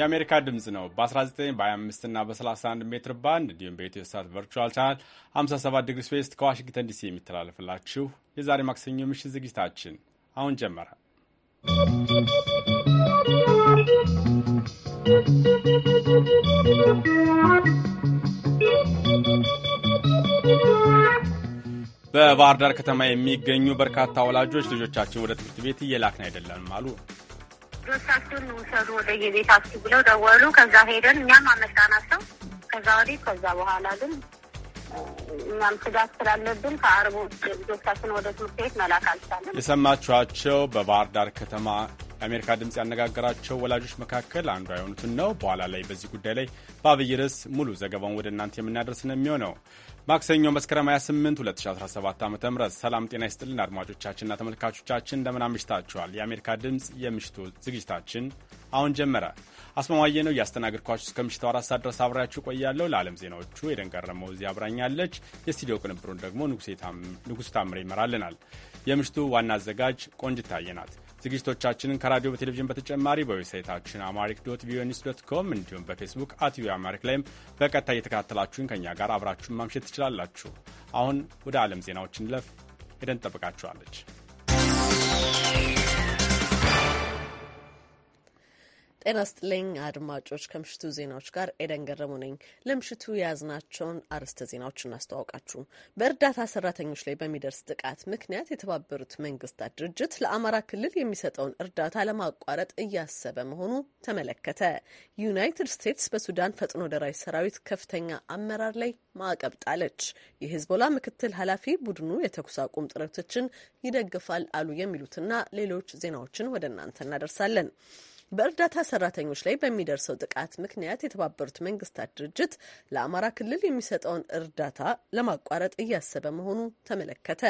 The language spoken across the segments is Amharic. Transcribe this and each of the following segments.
የአሜሪካ ድምፅ ነው። በ19 በ25 እና በ31 ሜትር ባንድ እንዲሁም በኢትዮ ሳት ቨርቹዋል ቻናል 57 ዲግሪ ስዌስት ከዋሽንግተን ዲሲ የሚተላለፍላችሁ የዛሬ ማክሰኞ ምሽት ዝግጅታችን አሁን ጀመረ። በባህር ዳር ከተማ የሚገኙ በርካታ ወላጆች ልጆቻችን ወደ ትምህርት ቤት እየላክን አይደለም አሉ። ልጆቻችሁን ውሰዱ ወደ የቤታችሁ ብለው ደወሉ። ከዛ ሄደን እኛም አመጣናቸው። ከዛ ወዲህ ከዛ በኋላ ግን እኛም ስጋት ስላለብን ከአርቡ ልጆቻችን ወደ ትምህርት ቤት መላክ አልቻለን። የሰማችኋቸው በባህር ዳር ከተማ የአሜሪካ ድምፅ ያነጋገራቸው ወላጆች መካከል አንዷ የሆኑትን ነው። በኋላ ላይ በዚህ ጉዳይ ላይ በአብይ ርዕስ ሙሉ ዘገባውን ወደ እናንተ የምናደርስ ነው የሚሆነው። ማክሰኞ መስከረም 28 2017 ዓ ም ሰላም ጤና ይስጥልን አድማጮቻችንና ተመልካቾቻችን እንደምን አምሽታችኋል። የአሜሪካ ድምፅ የምሽቱ ዝግጅታችን አሁን ጀመረ። አስማማየ ነው እያስተናገድኳችሁ እስከ ምሽቱ አራት ሰዓት ድረስ አብሬያችሁ ቆያለሁ። ለዓለም ዜናዎቹ የደን ቀረመው እዚህ አብራኛለች። የስቱዲዮ ቅንብሩን ደግሞ ንጉሴ ታምሬ ይመራልናል። የምሽቱ ዋና አዘጋጅ ቆንጅታየ ናት። ዝግጅቶቻችንን ከራዲዮ በቴሌቪዥን በተጨማሪ በዌብሳይታችን አማሪክ ዶት ቪኦኤ ዶት ኮም እንዲሁም በፌስቡክ አት ቪኦኤ አማሪክ ላይም በቀጥታ እየተከታተላችሁን ከእኛ ጋር አብራችሁን ማምሸት ትችላላችሁ። አሁን ወደ ዓለም ዜናዎች እንለፍ። ሄደን ትጠብቃችኋለች። ጤና ስጥልኝ አድማጮች፣ ከምሽቱ ዜናዎች ጋር ኤደን ገረሙ ነኝ። ለምሽቱ የያዝናቸውን አርዕስተ ዜናዎች እናስተዋውቃችሁ። በእርዳታ ሰራተኞች ላይ በሚደርስ ጥቃት ምክንያት የተባበሩት መንግስታት ድርጅት ለአማራ ክልል የሚሰጠውን እርዳታ ለማቋረጥ እያሰበ መሆኑ ተመለከተ። ዩናይትድ ስቴትስ በሱዳን ፈጥኖ ደራሽ ሰራዊት ከፍተኛ አመራር ላይ ማዕቀብ ጣለች። የሂዝቦላ ምክትል ኃላፊ ቡድኑ የተኩስ አቁም ጥረቶችን ይደግፋል አሉ። የሚሉትና ሌሎች ዜናዎችን ወደ እናንተ እናደርሳለን። በእርዳታ ሰራተኞች ላይ በሚደርሰው ጥቃት ምክንያት የተባበሩት መንግስታት ድርጅት ለአማራ ክልል የሚሰጠውን እርዳታ ለማቋረጥ እያሰበ መሆኑ ተመለከተ።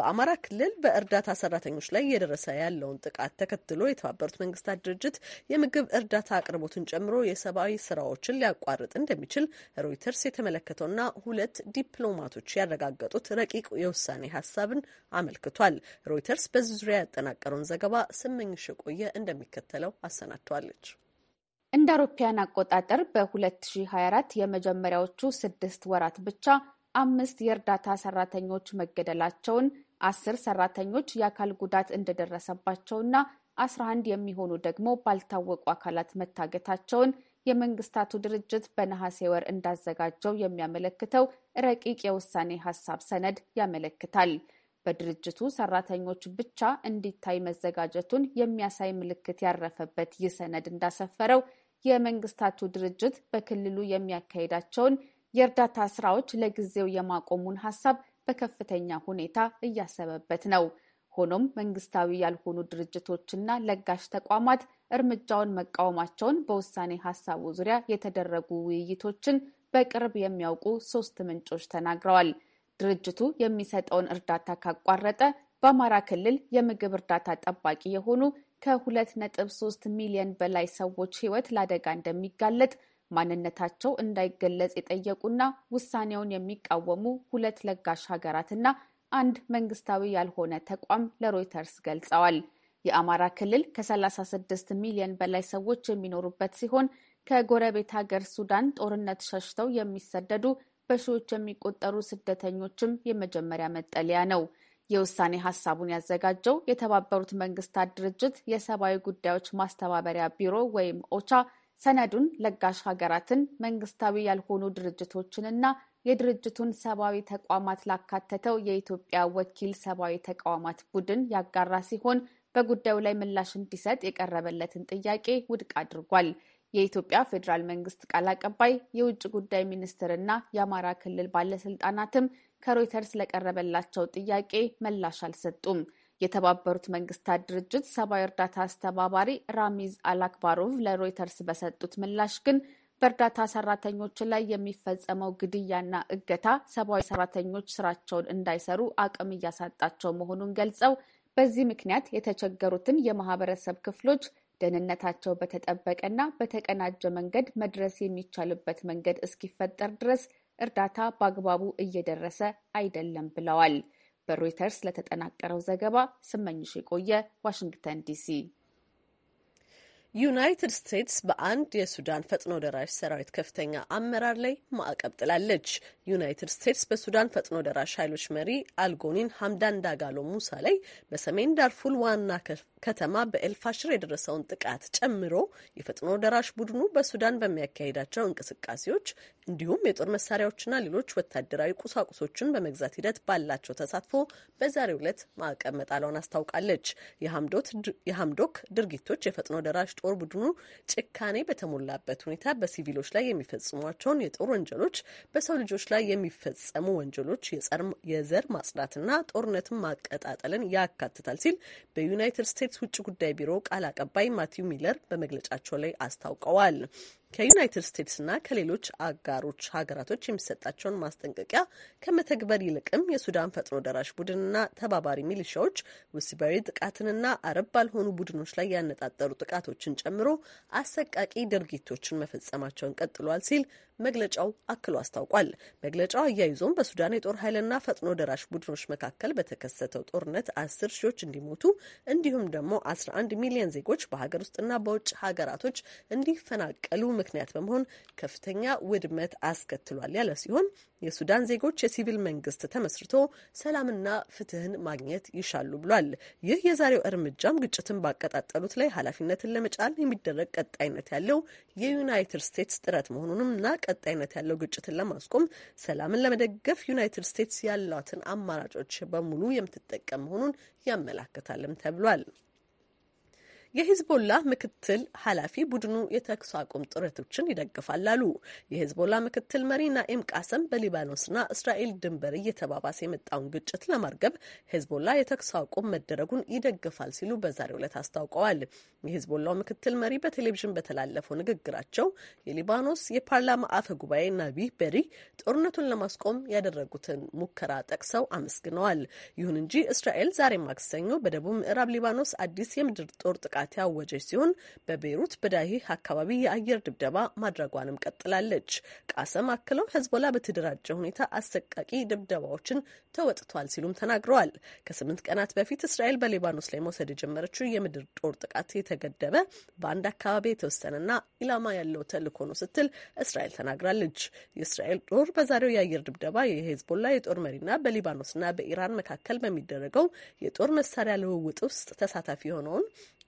በአማራ ክልል በእርዳታ ሰራተኞች ላይ እየደረሰ ያለውን ጥቃት ተከትሎ የተባበሩት መንግስታት ድርጅት የምግብ እርዳታ አቅርቦትን ጨምሮ የሰብአዊ ስራዎችን ሊያቋርጥ እንደሚችል ሮይተርስ የተመለከተውና ሁለት ዲፕሎማቶች ያረጋገጡት ረቂቅ የውሳኔ ሀሳብን አመልክቷል። ሮይተርስ በዚህ ዙሪያ ያጠናቀረውን ዘገባ ስመኝሽ የቆየ እንደሚከተለው አሰናድተዋለች። እንደ አውሮፓውያን አቆጣጠር በ2024 የመጀመሪያዎቹ ስድስት ወራት ብቻ አምስት የእርዳታ ሰራተኞች መገደላቸውን አስር ሰራተኞች የአካል ጉዳት እንደደረሰባቸውና አስራ አንድ የሚሆኑ ደግሞ ባልታወቁ አካላት መታገታቸውን የመንግስታቱ ድርጅት በነሐሴ ወር እንዳዘጋጀው የሚያመለክተው ረቂቅ የውሳኔ ሀሳብ ሰነድ ያመለክታል። በድርጅቱ ሰራተኞች ብቻ እንዲታይ መዘጋጀቱን የሚያሳይ ምልክት ያረፈበት ይህ ሰነድ እንዳሰፈረው የመንግስታቱ ድርጅት በክልሉ የሚያካሂዳቸውን የእርዳታ ስራዎች ለጊዜው የማቆሙን ሀሳብ በከፍተኛ ሁኔታ እያሰበበት ነው። ሆኖም መንግስታዊ ያልሆኑ ድርጅቶችና ለጋሽ ተቋማት እርምጃውን መቃወማቸውን በውሳኔ ሀሳቡ ዙሪያ የተደረጉ ውይይቶችን በቅርብ የሚያውቁ ሶስት ምንጮች ተናግረዋል። ድርጅቱ የሚሰጠውን እርዳታ ካቋረጠ በአማራ ክልል የምግብ እርዳታ ጠባቂ የሆኑ ከሁለት ነጥብ ሶስት ሚሊዮን በላይ ሰዎች ሕይወት ለአደጋ እንደሚጋለጥ ማንነታቸው እንዳይገለጽ የጠየቁና ውሳኔውን የሚቃወሙ ሁለት ለጋሽ ሀገራትና አንድ መንግስታዊ ያልሆነ ተቋም ለሮይተርስ ገልጸዋል። የአማራ ክልል ከ36 ሚሊዮን በላይ ሰዎች የሚኖሩበት ሲሆን ከጎረቤት ሀገር ሱዳን ጦርነት ሸሽተው የሚሰደዱ በሺዎች የሚቆጠሩ ስደተኞችም የመጀመሪያ መጠለያ ነው። የውሳኔ ሀሳቡን ያዘጋጀው የተባበሩት መንግስታት ድርጅት የሰብአዊ ጉዳዮች ማስተባበሪያ ቢሮ ወይም ኦቻ ሰነዱን ለጋሽ ሀገራትን መንግስታዊ ያልሆኑ ድርጅቶችንና የድርጅቱን ሰብአዊ ተቋማት ላካተተው የኢትዮጵያ ወኪል ሰብአዊ ተቋማት ቡድን ያጋራ ሲሆን በጉዳዩ ላይ ምላሽ እንዲሰጥ የቀረበለትን ጥያቄ ውድቅ አድርጓል። የኢትዮጵያ ፌዴራል መንግስት ቃል አቀባይ የውጭ ጉዳይ ሚኒስትርና የአማራ ክልል ባለስልጣናትም ከሮይተርስ ለቀረበላቸው ጥያቄ ምላሽ አልሰጡም። የተባበሩት መንግስታት ድርጅት ሰብአዊ እርዳታ አስተባባሪ ራሚዝ አላክባሮቭ ለሮይተርስ በሰጡት ምላሽ ግን በእርዳታ ሰራተኞች ላይ የሚፈጸመው ግድያና እገታ ሰብአዊ ሰራተኞች ስራቸውን እንዳይሰሩ አቅም እያሳጣቸው መሆኑን ገልጸው በዚህ ምክንያት የተቸገሩትን የማህበረሰብ ክፍሎች ደህንነታቸው በተጠበቀና በተቀናጀ መንገድ መድረስ የሚቻልበት መንገድ እስኪፈጠር ድረስ እርዳታ በአግባቡ እየደረሰ አይደለም ብለዋል። በሮይተርስ ለተጠናቀረው ዘገባ ስመኝሽ የቆየ ዋሽንግተን ዲሲ። ዩናይትድ ስቴትስ በአንድ የሱዳን ፈጥኖ ደራሽ ሰራዊት ከፍተኛ አመራር ላይ ማዕቀብ ጥላለች። ዩናይትድ ስቴትስ በሱዳን ፈጥኖ ደራሽ ኃይሎች መሪ አልጎኒን ሀምዳን ዳጋሎ ሙሳ ላይ በሰሜን ዳርፉል ዋና ከተማ በኤልፋሽር የደረሰውን ጥቃት ጨምሮ የፈጥኖ ደራሽ ቡድኑ በሱዳን በሚያካሂዳቸው እንቅስቃሴዎች እንዲሁም የጦር መሳሪያዎችና ሌሎች ወታደራዊ ቁሳቁሶችን በመግዛት ሂደት ባላቸው ተሳትፎ በዛሬው ዕለት ማዕቀብ መጣሏን አስታውቃለች። የሀምዶክ ድርጊቶች የፈጥኖ ደራሽ ጦር ቡድኑ ጭካኔ በተሞላበት ሁኔታ በሲቪሎች ላይ የሚፈጽሟቸውን የጦር ወንጀሎች፣ በሰው ልጆች ላይ የሚፈጸሙ ወንጀሎች፣ የዘር ማጽዳትና ጦርነትን ማቀጣጠልን ያካትታል ሲል በዩናይትድ ስቴትስ ውጭ ጉዳይ ቢሮ ቃል አቀባይ ማቲው ሚለር በመግለጫቸው ላይ አስታውቀዋል። ከዩናይትድ ስቴትስና ከሌሎች አጋሮች ሀገራቶች የሚሰጣቸውን ማስጠንቀቂያ ከመተግበር ይልቅም የሱዳን ፈጥኖ ደራሽ ቡድንና ተባባሪ ሚሊሻዎች ወሲባዊ ጥቃትንና አረብ ባልሆኑ ቡድኖች ላይ ያነጣጠሩ ጥቃቶችን ጨምሮ አሰቃቂ ድርጊቶችን መፈጸማቸውን ቀጥሏል ሲል መግለጫው አክሎ አስታውቋል። መግለጫው አያይዞም በሱዳን የጦር ኃይልና ፈጥኖ ደራሽ ቡድኖች መካከል በተከሰተው ጦርነት አስር ሺዎች እንዲሞቱ እንዲሁም ደግሞ አስራ አንድ ሚሊዮን ዜጎች በሀገር ውስጥና በውጭ ሀገራቶች እንዲፈናቀሉ ምክንያት በመሆን ከፍተኛ ውድመት አስከትሏል ያለ ሲሆን የሱዳን ዜጎች የሲቪል መንግስት ተመስርቶ ሰላምና ፍትህን ማግኘት ይሻሉ ብሏል። ይህ የዛሬው እርምጃም ግጭትን ባቀጣጠሉት ላይ ኃላፊነትን ለመጫል የሚደረግ ቀጣይነት ያለው የዩናይትድ ስቴትስ ጥረት መሆኑንምና ቀጣይነት ያለው ግጭትን ለማስቆም ሰላምን ለመደገፍ ዩናይትድ ስቴትስ ያሏትን አማራጮች በሙሉ የምትጠቀም መሆኑን ያመላክታልም ተብሏል። የሂዝቦላ ምክትል ኃላፊ ቡድኑ የተኩስ አቁም ጥረቶችን ይደግፋል አሉ። የሂዝቦላ ምክትል መሪ ናኤም ቃሰም በሊባኖስና እስራኤል ድንበር እየተባባሰ የመጣውን ግጭት ለማርገብ ሂዝቦላ የተኩስ አቁም መደረጉን ይደግፋል ሲሉ በዛሬው ዕለት አስታውቀዋል። የሂዝቦላው ምክትል መሪ በቴሌቪዥን በተላለፈው ንግግራቸው የሊባኖስ የፓርላማ አፈ ጉባኤ ናቢ በሪ ጦርነቱን ለማስቆም ያደረጉትን ሙከራ ጠቅሰው አመስግነዋል። ይሁን እንጂ እስራኤል ዛሬ ማክሰኞ በደቡብ ምዕራብ ሊባኖስ አዲስ የምድር ጦር ጥቃት ጥቃት ያወጀች ሲሆን በቤይሩት በዳሂ አካባቢ የአየር ድብደባ ማድረጓንም ቀጥላለች። ቃሰም አክለው ሄዝቦላ በተደራጀ ሁኔታ አሰቃቂ ድብደባዎችን ተወጥቷል ሲሉም ተናግረዋል። ከስምንት ቀናት በፊት እስራኤል በሊባኖስ ላይ መውሰድ የጀመረችው የምድር ጦር ጥቃት የተገደበ በአንድ አካባቢ የተወሰነና ኢላማ ያለው ተልዕኮ ነው ስትል እስራኤል ተናግራለች። የእስራኤል ጦር በዛሬው የአየር ድብደባ የሄዝቦላ የጦር መሪና በሊባኖስና በኢራን መካከል በሚደረገው የጦር መሳሪያ ልውውጥ ውስጥ ተሳታፊ የሆነውን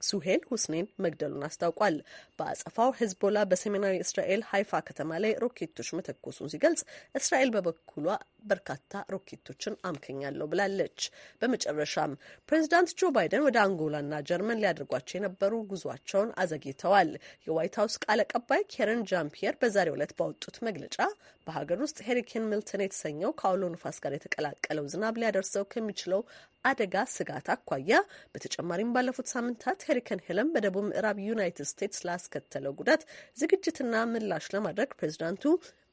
ሱሄል ሁስኔን መግደሉን አስታውቋል። በአጸፋው ሄዝቦላ በሰሜናዊ እስራኤል ሀይፋ ከተማ ላይ ሮኬቶች መተኮሱን ሲገልጽ፣ እስራኤል በበኩሏ በርካታ ሮኬቶችን አምከኛለሁ ብላለች። በመጨረሻም ፕሬዚዳንት ጆ ባይደን ወደ አንጎላና ጀርመን ሊያደርጓቸው የነበሩ ጉዟቸውን አዘግይተዋል። የዋይት ሀውስ ቃል አቀባይ ኬረን ጃምፒየር በዛሬው ዕለት ባወጡት መግለጫ በሀገር ውስጥ ሄሪኬን ሚልተን የተሰኘው ከአውሎ ንፋስ ጋር የተቀላቀለው ዝናብ ሊያደርሰው ከሚችለው አደጋ ስጋት አኳያ በተጨማሪም ባለፉት ሳምንታት ሄሪከን ሄለን በደቡብ ምዕራብ ዩናይትድ ስቴትስ ላስከተለው ጉዳት ዝግጅትና ምላሽ ለማድረግ ፕሬዚዳንቱ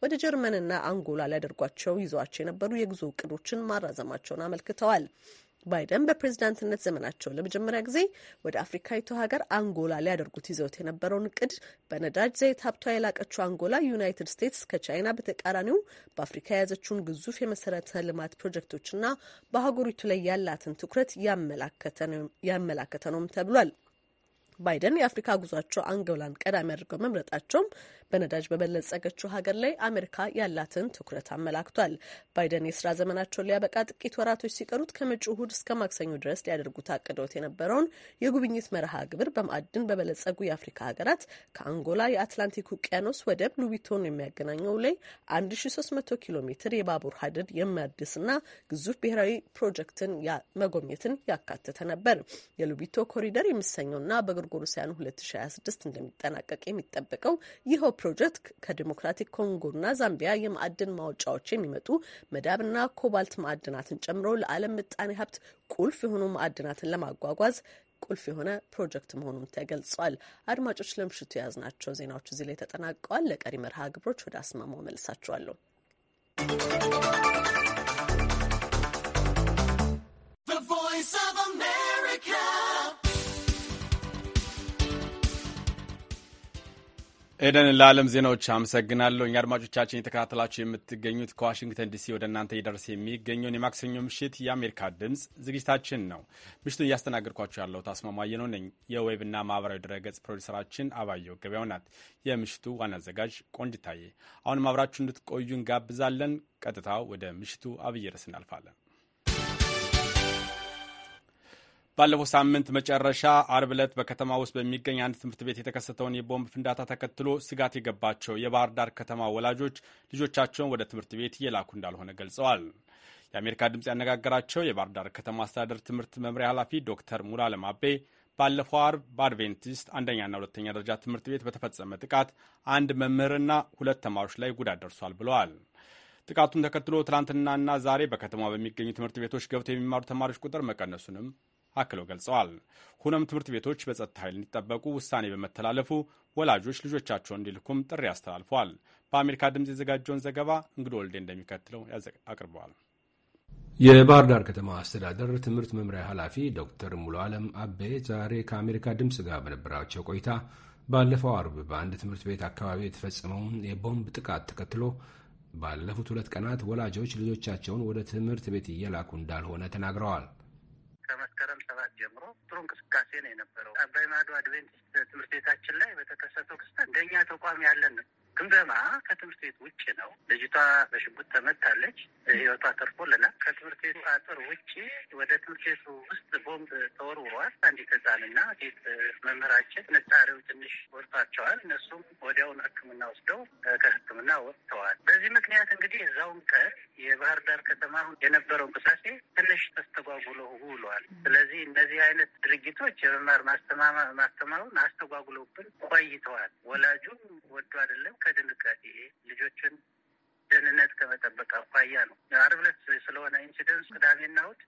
ወደ ጀርመንና አንጎላ ሊያደርጓቸው ይዘዋቸው የነበሩ የጉዞ እቅዶችን ማራዘማቸውን አመልክተዋል። ባይደን በፕሬዝዳንትነት ዘመናቸው ለመጀመሪያ ጊዜ ወደ አፍሪካዊቱ ሀገር አንጎላ ሊያደርጉት ይዘውት የነበረውን እቅድ በነዳጅ ዘይት ሀብቷ የላቀችው አንጎላ ዩናይትድ ስቴትስ ከቻይና በተቃራኒው በአፍሪካ የያዘችውን ግዙፍ የመሰረተ ልማት ፕሮጀክቶችና በሀገሪቱ ላይ ያላትን ትኩረት ያመላከተ ነውም ተብሏል። ባይደን የአፍሪካ ጉዟቸው አንጎላን ቀዳሚ አድርገው መምረጣቸውም በነዳጅ በበለጸገችው ሀገር ላይ አሜሪካ ያላትን ትኩረት አመላክቷል። ባይደን የስራ ዘመናቸውን ሊያበቃ ጥቂት ወራቶች ሲቀሩት ከመጪው እሁድ እስከ ማክሰኞ ድረስ ሊያደርጉት አቅደውት የነበረውን የጉብኝት መርሃ ግብር በማዕድን በበለጸጉ የአፍሪካ ሀገራት ከአንጎላ የአትላንቲክ ውቅያኖስ ወደብ ሉቢቶን የሚያገናኘው ላይ 1300 ኪሎ ሜትር የባቡር ሀዲድ የሚያድስና ግዙፍ ብሔራዊ ፕሮጀክትን መጎብኘትን ያካተተ ነበር። የሉቢቶ ኮሪደር የሚሰኘውና በጎርጎሮሳውያኑ 2026 እንደሚጠናቀቅ የሚጠበቀው ይኸው ፕሮጀክት ከዲሞክራቲክ ኮንጎና ዛምቢያ የማዕድን ማውጫዎች የሚመጡ መዳብና ኮባልት ማዕድናትን ጨምሮ ለዓለም ምጣኔ ሀብት ቁልፍ የሆኑ ማዕድናትን ለማጓጓዝ ቁልፍ የሆነ ፕሮጀክት መሆኑም ተገልጿል። አድማጮች ለምሽቱ የያዝናቸው ዜናዎች እዚህ ላይ ተጠናቀዋል። ለቀሪ መርሃ ግብሮች ወደ አስማማው መልሳችኋለሁ። ኤደን ለዓለም ዜናዎች አመሰግናለሁ። እኛ አድማጮቻችን የተከታተላችሁ የምትገኙት ከዋሽንግተን ዲሲ ወደ እናንተ እየደረሰ የሚገኘውን የማክሰኞ ምሽት የአሜሪካ ድምፅ ዝግጅታችን ነው። ምሽቱን እያስተናገድኳችሁ ያለው ታስማማየ ነው ነኝ። የዌብና ማህበራዊ ድረገጽ ፕሮዲሰራችን አባየው ገበያው ናት። የምሽቱ ዋና አዘጋጅ ቆንጅታዬ። አሁን ማብራችሁ እንድትቆዩ እንጋብዛለን። ቀጥታ ወደ ምሽቱ አብይ ርዕስ እናልፋለን። ባለፈው ሳምንት መጨረሻ አርብ ዕለት በከተማ ውስጥ በሚገኝ አንድ ትምህርት ቤት የተከሰተውን የቦምብ ፍንዳታ ተከትሎ ስጋት የገባቸው የባህር ዳር ከተማ ወላጆች ልጆቻቸውን ወደ ትምህርት ቤት እየላኩ እንዳልሆነ ገልጸዋል። የአሜሪካ ድምፅ ያነጋገራቸው የባህር ዳር ከተማ አስተዳደር ትምህርት መምሪያ ኃላፊ ዶክተር ሙላለም አቤ ባለፈው አርብ በአድቬንቲስት አንደኛና ሁለተኛ ደረጃ ትምህርት ቤት በተፈጸመ ጥቃት አንድ መምህርና ሁለት ተማሪዎች ላይ ጉዳት ደርሷል ብለዋል። ጥቃቱን ተከትሎ ትናንትናና ዛሬ በከተማ በሚገኙ ትምህርት ቤቶች ገብተው የሚማሩ ተማሪዎች ቁጥር መቀነሱንም አክለው ገልጸዋል። ሆኖም ትምህርት ቤቶች በጸጥታ ኃይል እንዲጠበቁ ውሳኔ በመተላለፉ ወላጆች ልጆቻቸውን እንዲልኩም ጥሪ አስተላልፈዋል። በአሜሪካ ድምፅ የዘጋጀውን ዘገባ እንግዶ ወልዴ እንደሚከትለው አቅርበዋል። የባህር ዳር ከተማ አስተዳደር ትምህርት መምሪያ ኃላፊ ዶክተር ሙሉ ዓለም አቤ ዛሬ ከአሜሪካ ድምፅ ጋር በነበራቸው ቆይታ ባለፈው አርብ በአንድ ትምህርት ቤት አካባቢ የተፈጸመውን የቦምብ ጥቃት ተከትሎ ባለፉት ሁለት ቀናት ወላጆች ልጆቻቸውን ወደ ትምህርት ቤት እየላኩ እንዳልሆነ ተናግረዋል። ከመስከረም ሰባት ጀምሮ ጥሩ እንቅስቃሴ ነው የነበረው። አባይ ማዶ አድቬንቲስት ትምህርት ቤታችን ላይ በተከሰተው ክስተት እንደኛ ተቋም ያለን ግምገማ ከትምህርት ቤት ውጭ ነው። ልጅቷ በሽጉጥ ተመታለች፣ ህይወቷ ተርፎልናል። ከትምህርት ቤቱ አጥር ውጭ ወደ ትምህርት ቤቱ ውስጥ ቦምብ ተወርውሯል። አንዲት ህፃንና ሴት መምህራችን ንጣሪው ትንሽ ወርቷቸዋል። እነሱም ወዲያውን ህክምና ወስደው ከህክምና ወጥተዋል። በዚህ ምክንያት እንግዲህ እዛውን ቀን የባህር ዳር ከተማ የነበረው እንቅስቃሴ ትንሽ ተስተጓጉሎ ውሏል። ስለዚህ እነዚህ አይነት ድርጊቶች የመማር ማስተማሩን አስተጓጉለውብን ቆይተዋል። ወላጁም ወዶ አይደለም ከድንጋጤ ልጆችን ደህንነት ከመጠበቅ አኳያ ነው። አርብ ዕለት ስለሆነ ኢንሲደንስ ቅዳሜና እሑድ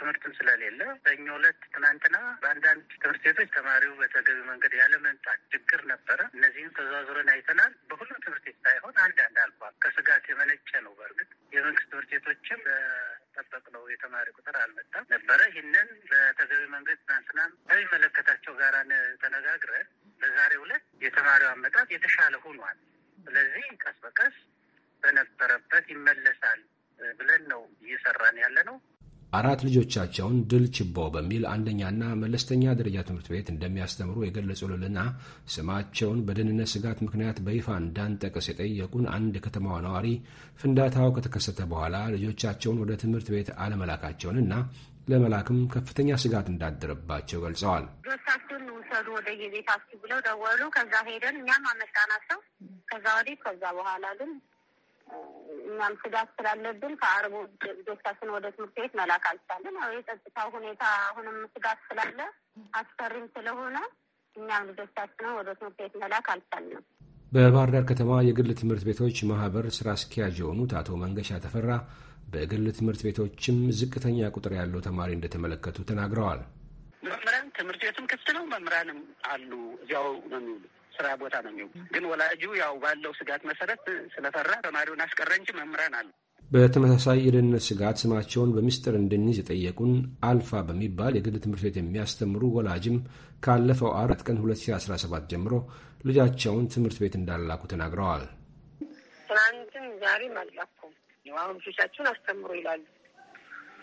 ትምህርትም ስለሌለ በእኛ ዕለት ትናንትና በአንዳንድ ትምህርት ቤቶች ተማሪው በተገቢ መንገድ ያለመምጣት ችግር ነበረ። እነዚህም ተዘዋዝረን አይተናል። በሁሉም ትምህርት ቤት ሳይሆን አንዳንድ አልፏል። ከስጋት የመነጨ ነው። በእርግጥ የመንግስት ትምህርት ቤቶችም ነው የተማሪ ቁጥር አልመጣም ነበረ። ይህንን በተገቢ መንገድ ትናንትና ከሚመለከታቸው ጋራን ተነጋግረን በዛሬው ዕለት የተማሪው አመጣት የተሻለ ሆኗል። ስለዚህ ቀስ በቀስ በነበረበት ይመለሳል ብለን ነው እየሰራን ያለ ነው። አራት ልጆቻቸውን ድል ችቦ በሚል አንደኛና መለስተኛ ደረጃ ትምህርት ቤት እንደሚያስተምሩ የገለጹልንና ስማቸውን በደህንነት ስጋት ምክንያት በይፋ እንዳንጠቅስ የጠየቁን አንድ ከተማዋ ነዋሪ ፍንዳታው ከተከሰተ በኋላ ልጆቻቸውን ወደ ትምህርት ቤት አለመላካቸውንና ለመላክም ከፍተኛ ስጋት እንዳደረባቸው ገልጸዋል። ልጆቻቸውን ውሰዱ ወደ የቤታችሁ ብለው ደወሉ። ከዛ ሄደን እኛም አመጣናቸው። ከዛ ወዲህ ከዛ በኋላ ግን እኛም ስጋት ስላለብን ከአርቡ ልጆቻችን ወደ ትምህርት ቤት መላክ አልቻለን። ያው የጸጥታው ሁኔታ አሁንም ስጋት ስላለ አስፈሪም ስለሆነ እኛም ልጆቻችንን ወደ ትምህርት ቤት መላክ አልቻልንም። በባህር ዳር ከተማ የግል ትምህርት ቤቶች ማህበር ስራ አስኪያጅ የሆኑት አቶ መንገሻ ተፈራ በግል ትምህርት ቤቶችም ዝቅተኛ ቁጥር ያለው ተማሪ እንደተመለከቱ ተናግረዋል። ትምህርት ቤትም ክፍት ነው፣ መምህራንም አሉ። እዚያው ነው የሚውሉ ስራ ቦታ ነው የሚውሉ። ግን ወላጁ ያው ባለው ስጋት መሰረት ስለፈራ ተማሪውን አስቀረ እንጂ መምህራን አሉ። በተመሳሳይ የደህንነት ስጋት ስማቸውን በምስጢር እንድንይዝ የጠየቁን አልፋ በሚባል የግል ትምህርት ቤት የሚያስተምሩ ወላጅም ካለፈው አራት ቀን 2017 ጀምሮ ልጃቸውን ትምህርት ቤት እንዳላኩ ተናግረዋል። ትናንትም ዛሬም አላኩም። አሁን ልጆቻችሁን አስተምሩ ይላሉ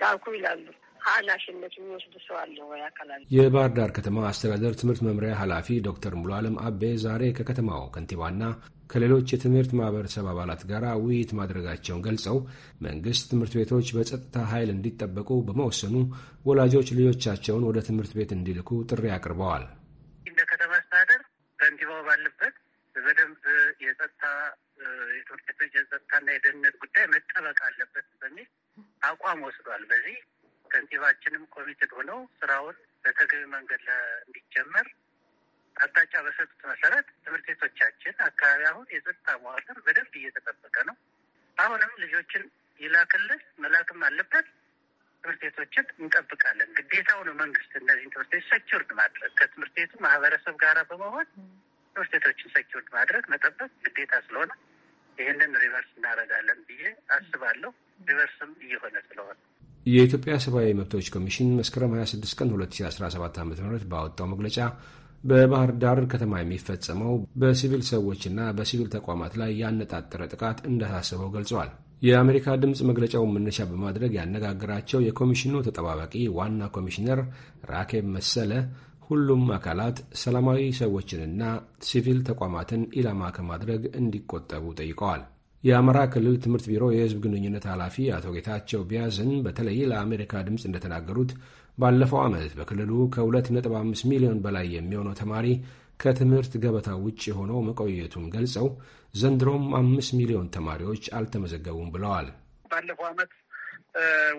ላኩ ይላሉ ኃላፊነት የሚወስድ ሰው አለ ወይ አካላል የባህር ዳር ከተማ አስተዳደር ትምህርት መምሪያ ኃላፊ ዶክተር ሙሉ አለም አቤ ዛሬ ከከተማው ከንቲባና ከሌሎች የትምህርት ማህበረሰብ አባላት ጋር ውይይት ማድረጋቸውን ገልጸው መንግስት ትምህርት ቤቶች በጸጥታ ኃይል እንዲጠበቁ በመወሰኑ ወላጆች ልጆቻቸውን ወደ ትምህርት ቤት እንዲልኩ ጥሪ አቅርበዋል። እንደ ከተማ አስተዳደር ከንቲባው ባለበት በደንብ የጸጥታ የትምህርት ቤቶች የጸጥታና የደህንነት ጉዳይ መጠበቅ አለበት በሚል አቋም ወስዷል። በዚህ ከንቲባችንም ኮሚትድ ሆነው ስራውን በተገቢ መንገድ እንዲጀመር አቅጣጫ በሰጡት መሰረት ትምህርት ቤቶቻችን አካባቢ አሁን የጸጥታ መዋቅር በደንብ እየተጠበቀ ነው። አሁንም ልጆችን ይላክልን መላክም አለበት። ትምህርት ቤቶችን እንጠብቃለን። ግዴታው ነው መንግስት እነዚህን ትምህርት ቤት ሰኪርድ ማድረግ ከትምህርት ቤቱ ማህበረሰብ ጋር በመሆን ትምህርት ቤቶችን ሰኪርድ ማድረግ መጠበቅ ግዴታ ስለሆነ ይህንን ሪቨርስ እናደርጋለን ብዬ አስባለሁ። ሪቨርስም እየሆነ ስለሆነ የኢትዮጵያ ሰብአዊ መብቶች ኮሚሽን መስከረም 26 ቀን 2017 ዓ ም ባወጣው መግለጫ በባህር ዳር ከተማ የሚፈጸመው በሲቪል ሰዎችና በሲቪል ተቋማት ላይ ያነጣጠረ ጥቃት እንዳሳሰበው ገልጿል። የአሜሪካ ድምፅ መግለጫውን መነሻ በማድረግ ያነጋገራቸው የኮሚሽኑ ተጠባባቂ ዋና ኮሚሽነር ራኬብ መሰለ ሁሉም አካላት ሰላማዊ ሰዎችንና ሲቪል ተቋማትን ኢላማ ከማድረግ እንዲቆጠቡ ጠይቀዋል። የአማራ ክልል ትምህርት ቢሮ የህዝብ ግንኙነት ኃላፊ አቶ ጌታቸው ቢያዝን በተለይ ለአሜሪካ ድምፅ እንደተናገሩት ባለፈው ዓመት በክልሉ ከ2.5 ሚሊዮን በላይ የሚሆነው ተማሪ ከትምህርት ገበታ ውጭ ሆኖ መቆየቱን ገልጸው ዘንድሮም አምስት ሚሊዮን ተማሪዎች አልተመዘገቡም ብለዋል። ባለፈው ዓመት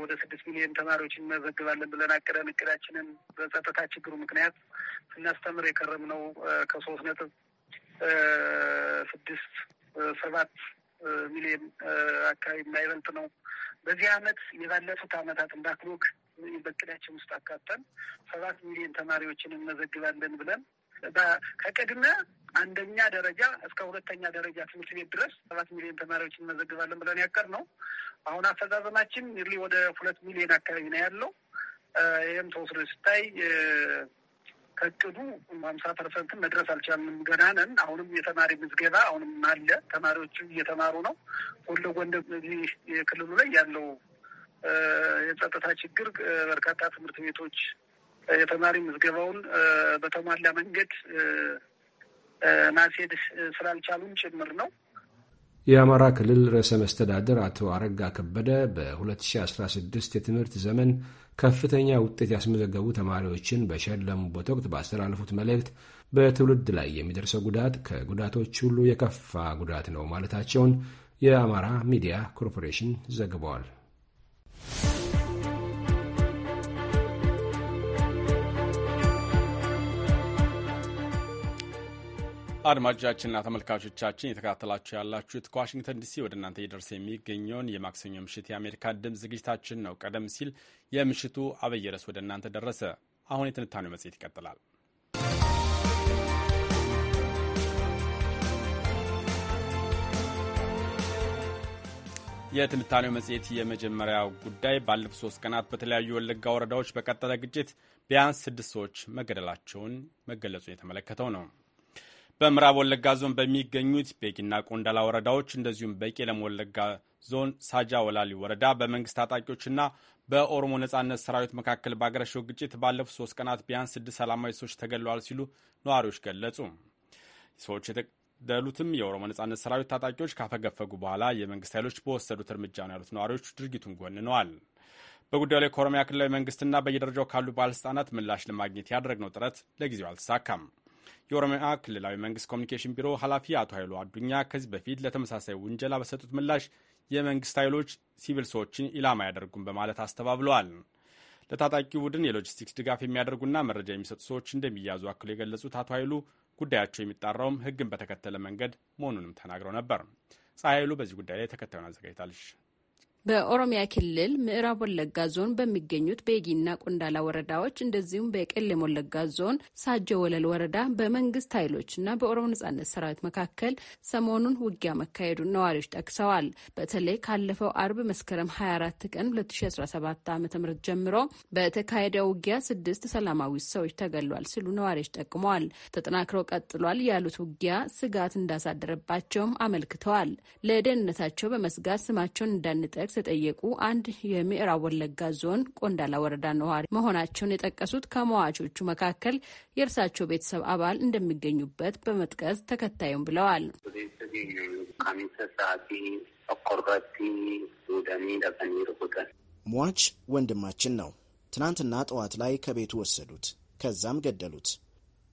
ወደ ስድስት ሚሊዮን ተማሪዎች እንመዘግባለን ብለን አቅደን እቅዳችንን በጸጥታ ችግሩ ምክንያት ስናስተምር የከረምነው ከሶስት ነጥብ ስድስት ሰባት ሚሊዮን አካባቢ የማይበልጥ ነው። በዚህ አመት የባለፉት አመታት ባክሎግ በቅዳችን ውስጥ አካተን ሰባት ሚሊዮን ተማሪዎችን እንመዘግባለን ብለን ከቅድመ አንደኛ ደረጃ እስከ ሁለተኛ ደረጃ ትምህርት ቤት ድረስ ሰባት ሚሊዮን ተማሪዎች እንመዘግባለን ብለን ያቀር ነው። አሁን አፈጻጸማችን ሊ ወደ ሁለት ሚሊዮን አካባቢ ነው ያለው። ይህም ተወስዶ ስታይ ከእቅዱ ሀምሳ ፐርሰንትን መድረስ አልቻልንም። ገና ነን። አሁንም የተማሪ ምዝገባ አሁንም አለ። ተማሪዎቹ እየተማሩ ነው። ጎን ለጎን እዚህ የክልሉ ላይ ያለው የጸጥታ ችግር በርካታ ትምህርት ቤቶች የተማሪ ምዝገባውን በተሟላ መንገድ ማስሄድ ስላልቻሉም ጭምር ነው። የአማራ ክልል ርዕሰ መስተዳደር አቶ አረጋ ከበደ በ2016 የትምህርት ዘመን ከፍተኛ ውጤት ያስመዘገቡ ተማሪዎችን በሸለሙበት ወቅት ባስተላለፉት መልእክት በትውልድ ላይ የሚደርሰው ጉዳት ከጉዳቶች ሁሉ የከፋ ጉዳት ነው ማለታቸውን የአማራ ሚዲያ ኮርፖሬሽን ዘግበዋል። አድማጮቻችንና ተመልካቾቻችን የተከታተላችሁ ያላችሁት ከዋሽንግተን ዲሲ ወደ እናንተ እየደርሰ የሚገኘውን የማክሰኞ ምሽት የአሜሪካ ድምፅ ዝግጅታችን ነው። ቀደም ሲል የምሽቱ አብይ ርዕስ ወደ እናንተ ደረሰ። አሁን የትንታኔው መጽሔት ይቀጥላል። የትንታኔው መጽሔት የመጀመሪያው ጉዳይ ባለፉት ሶስት ቀናት በተለያዩ ወለጋ ወረዳዎች በቀጠለ ግጭት ቢያንስ ስድስት ሰዎች መገደላቸውን መገለጹን የተመለከተው ነው። በምዕራብ ወለጋ ዞን በሚገኙት ቤጊና ቆንዳላ ወረዳዎች እንደዚሁም በቄለም ወለጋ ዞን ሳጃ ወላሊ ወረዳ በመንግስት ታጣቂዎችና በኦሮሞ ነጻነት ሰራዊት መካከል ባገረሸው ግጭት ባለፉት ሶስት ቀናት ቢያንስ ስድስት ሰላማዊ ሰዎች ተገለዋል ሲሉ ነዋሪዎች ገለጹ። ሰዎች የተገደሉትም የኦሮሞ ነጻነት ሰራዊት ታጣቂዎች ካፈገፈጉ በኋላ የመንግስት ኃይሎች በወሰዱት እርምጃ ነው ያሉት ነዋሪዎች ድርጊቱን ጎንነዋል። በጉዳዩ ላይ ከኦሮሚያ ክልላዊ መንግስትና በየደረጃው ካሉ ባለስልጣናት ምላሽ ለማግኘት ያደረግነው ጥረት ለጊዜው አልተሳካም። የኦሮሚያ ክልላዊ መንግስት ኮሚኒኬሽን ቢሮ ኃላፊ አቶ ኃይሉ አዱኛ ከዚህ በፊት ለተመሳሳይ ውንጀላ በሰጡት ምላሽ የመንግስት ኃይሎች ሲቪል ሰዎችን ኢላማ አያደርጉም በማለት አስተባብለዋል። ለታጣቂ ቡድን የሎጂስቲክስ ድጋፍ የሚያደርጉና መረጃ የሚሰጡ ሰዎች እንደሚያዙ አክሎ የገለጹት አቶ ኃይሉ ጉዳያቸው የሚጣራውም ህግን በተከተለ መንገድ መሆኑንም ተናግረው ነበር። ፀሐይሉ በዚህ ጉዳይ ላይ ተከታዩን አዘጋጅታለች። በኦሮሚያ ክልል ምዕራብ ወለጋ ዞን በሚገኙት ቤጊና ቆንዳላ ወረዳዎች እንደዚሁም በቄለም ወለጋ ዞን ሳጀ ወለል ወረዳ በመንግስት ኃይሎችና በኦሮሞ ነጻነት ሰራዊት መካከል ሰሞኑን ውጊያ መካሄዱን ነዋሪዎች ጠቅሰዋል። በተለይ ካለፈው አርብ መስከረም 24 ቀን 2017 ዓ ም ጀምሮ በተካሄደው ውጊያ ስድስት ሰላማዊ ሰዎች ተገሏል ሲሉ ነዋሪዎች ጠቅመዋል። ተጠናክሮ ቀጥሏል ያሉት ውጊያ ስጋት እንዳሳደረባቸውም አመልክተዋል። ለደህንነታቸው በመስጋት ስማቸውን እንዳንጠቅ የተጠየቁ አንድ የምዕራብ ወለጋ ዞን ቆንዳላ ወረዳ ነዋሪ መሆናቸውን የጠቀሱት ከመዋቾቹ መካከል የእርሳቸው ቤተሰብ አባል እንደሚገኙበት በመጥቀስ ተከታዩም ብለዋል። ሟች ወንድማችን ነው። ትናንትና ጠዋት ላይ ከቤቱ ወሰዱት፣ ከዛም ገደሉት።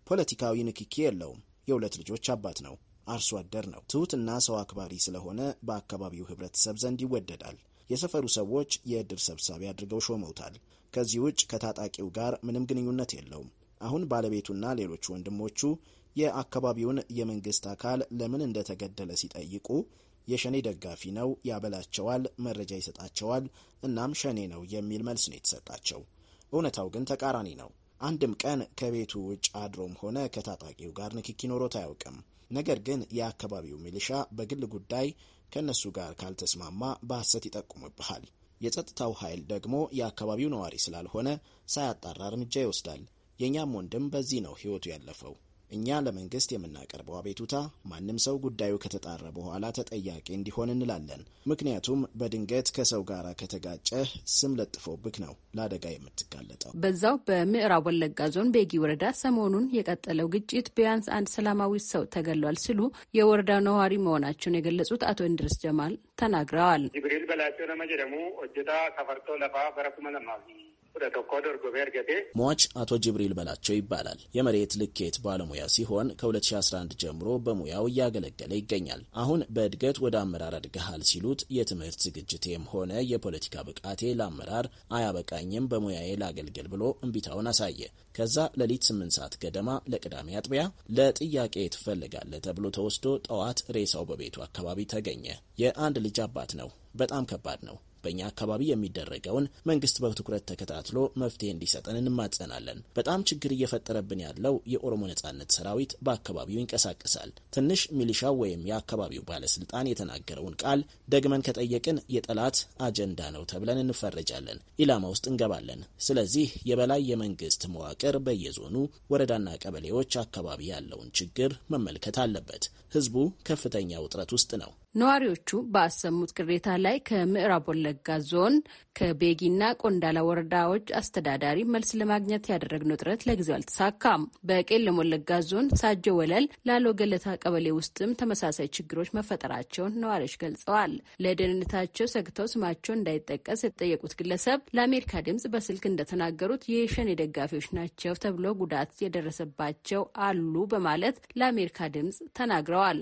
ፖለቲካዊ ንክኪ የለውም። የሁለት ልጆች አባት ነው። አርሶ አደር ነው። ትሑትና ሰው አክባሪ ስለሆነ በአካባቢው ህብረተሰብ ዘንድ ይወደዳል። የሰፈሩ ሰዎች የእድር ሰብሳቢ አድርገው ሾመውታል። ከዚህ ውጭ ከታጣቂው ጋር ምንም ግንኙነት የለውም። አሁን ባለቤቱና ሌሎቹ ወንድሞቹ የአካባቢውን የመንግስት አካል ለምን እንደተገደለ ሲጠይቁ የሸኔ ደጋፊ ነው፣ ያበላቸዋል፣ መረጃ ይሰጣቸዋል፣ እናም ሸኔ ነው የሚል መልስ ነው የተሰጣቸው። እውነታው ግን ተቃራኒ ነው። አንድም ቀን ከቤቱ ውጭ አድሮም ሆነ ከታጣቂው ጋር ንክኪ ኖሮት አያውቅም። ነገር ግን የአካባቢው ሚሊሻ በግል ጉዳይ ከእነሱ ጋር ካልተስማማ በሐሰት ይጠቁምብሃል። የጸጥታው ኃይል ደግሞ የአካባቢው ነዋሪ ስላልሆነ ሳያጣራ እርምጃ ይወስዳል። የእኛም ወንድም በዚህ ነው ሕይወቱ ያለፈው። እኛ ለመንግስት የምናቀርበው አቤቱታ ማንም ሰው ጉዳዩ ከተጣራ በኋላ ተጠያቂ እንዲሆን እንላለን። ምክንያቱም በድንገት ከሰው ጋር ከተጋጨ ስም ለጥፎብክ ነው ለአደጋ የምትጋለጠው። በዛው በምዕራብ ወለጋ ዞን ቤጊ ወረዳ ሰሞኑን የቀጠለው ግጭት ቢያንስ አንድ ሰላማዊ ሰው ተገሏል ሲሉ የወረዳው ነዋሪ መሆናቸውን የገለጹት አቶ እንድርስ ጀማል ተናግረዋል። ጅብሪል በላቸው ነመጀ ደግሞ ከፈርቶ ለፋ በረኩመ ሟች አቶ ጅብሪል በላቸው ይባላል። የመሬት ልኬት ባለሙያ ሲሆን ከ2011 ጀምሮ በሙያው እያገለገለ ይገኛል። አሁን በእድገት ወደ አመራር አድገሃል ሲሉት የትምህርት ዝግጅቴም ሆነ የፖለቲካ ብቃቴ ለአመራር አያበቃኝም፣ በሙያዬ ላገልግል ብሎ እምቢታውን አሳየ። ከዛ ሌሊት 8 ሰዓት ገደማ ለቅዳሜ አጥቢያ ለጥያቄ ትፈልጋለህ ተብሎ ተወስዶ ጠዋት ሬሳው በቤቱ አካባቢ ተገኘ። የአንድ ልጅ አባት ነው። በጣም ከባድ ነው። በእኛ አካባቢ የሚደረገውን መንግስት በትኩረት ተከታትሎ መፍትሄ እንዲሰጠን እንማጸናለን። በጣም ችግር እየፈጠረብን ያለው የኦሮሞ ነጻነት ሰራዊት በአካባቢው ይንቀሳቀሳል። ትንሽ ሚሊሻው ወይም የአካባቢው ባለስልጣን የተናገረውን ቃል ደግመን ከጠየቅን የጠላት አጀንዳ ነው ተብለን እንፈረጃለን፣ ኢላማ ውስጥ እንገባለን። ስለዚህ የበላይ የመንግስት መዋቅር በየዞኑ ወረዳና ቀበሌዎች አካባቢ ያለውን ችግር መመልከት አለበት። ህዝቡ ከፍተኛ ውጥረት ውስጥ ነው። ነዋሪዎቹ ባሰሙት ቅሬታ ላይ ከምዕራብ ወለጋ ዞን ከቤጊና ቆንዳላ ወረዳዎች አስተዳዳሪ መልስ ለማግኘት ያደረግነው ጥረት ለጊዜው አልተሳካም። በቄለም ወለጋ ዞን ሳጆ ወለል ላሎ ገለታ ቀበሌ ውስጥም ተመሳሳይ ችግሮች መፈጠራቸውን ነዋሪዎች ገልጸዋል። ለደህንነታቸው ሰግተው ስማቸው እንዳይጠቀስ የተጠየቁት ግለሰብ ለአሜሪካ ድምጽ በስልክ እንደተናገሩት የሸኔ ደጋፊዎች ናቸው ተብሎ ጉዳት የደረሰባቸው አሉ በማለት ለአሜሪካ ድምጽ ተናግረዋል።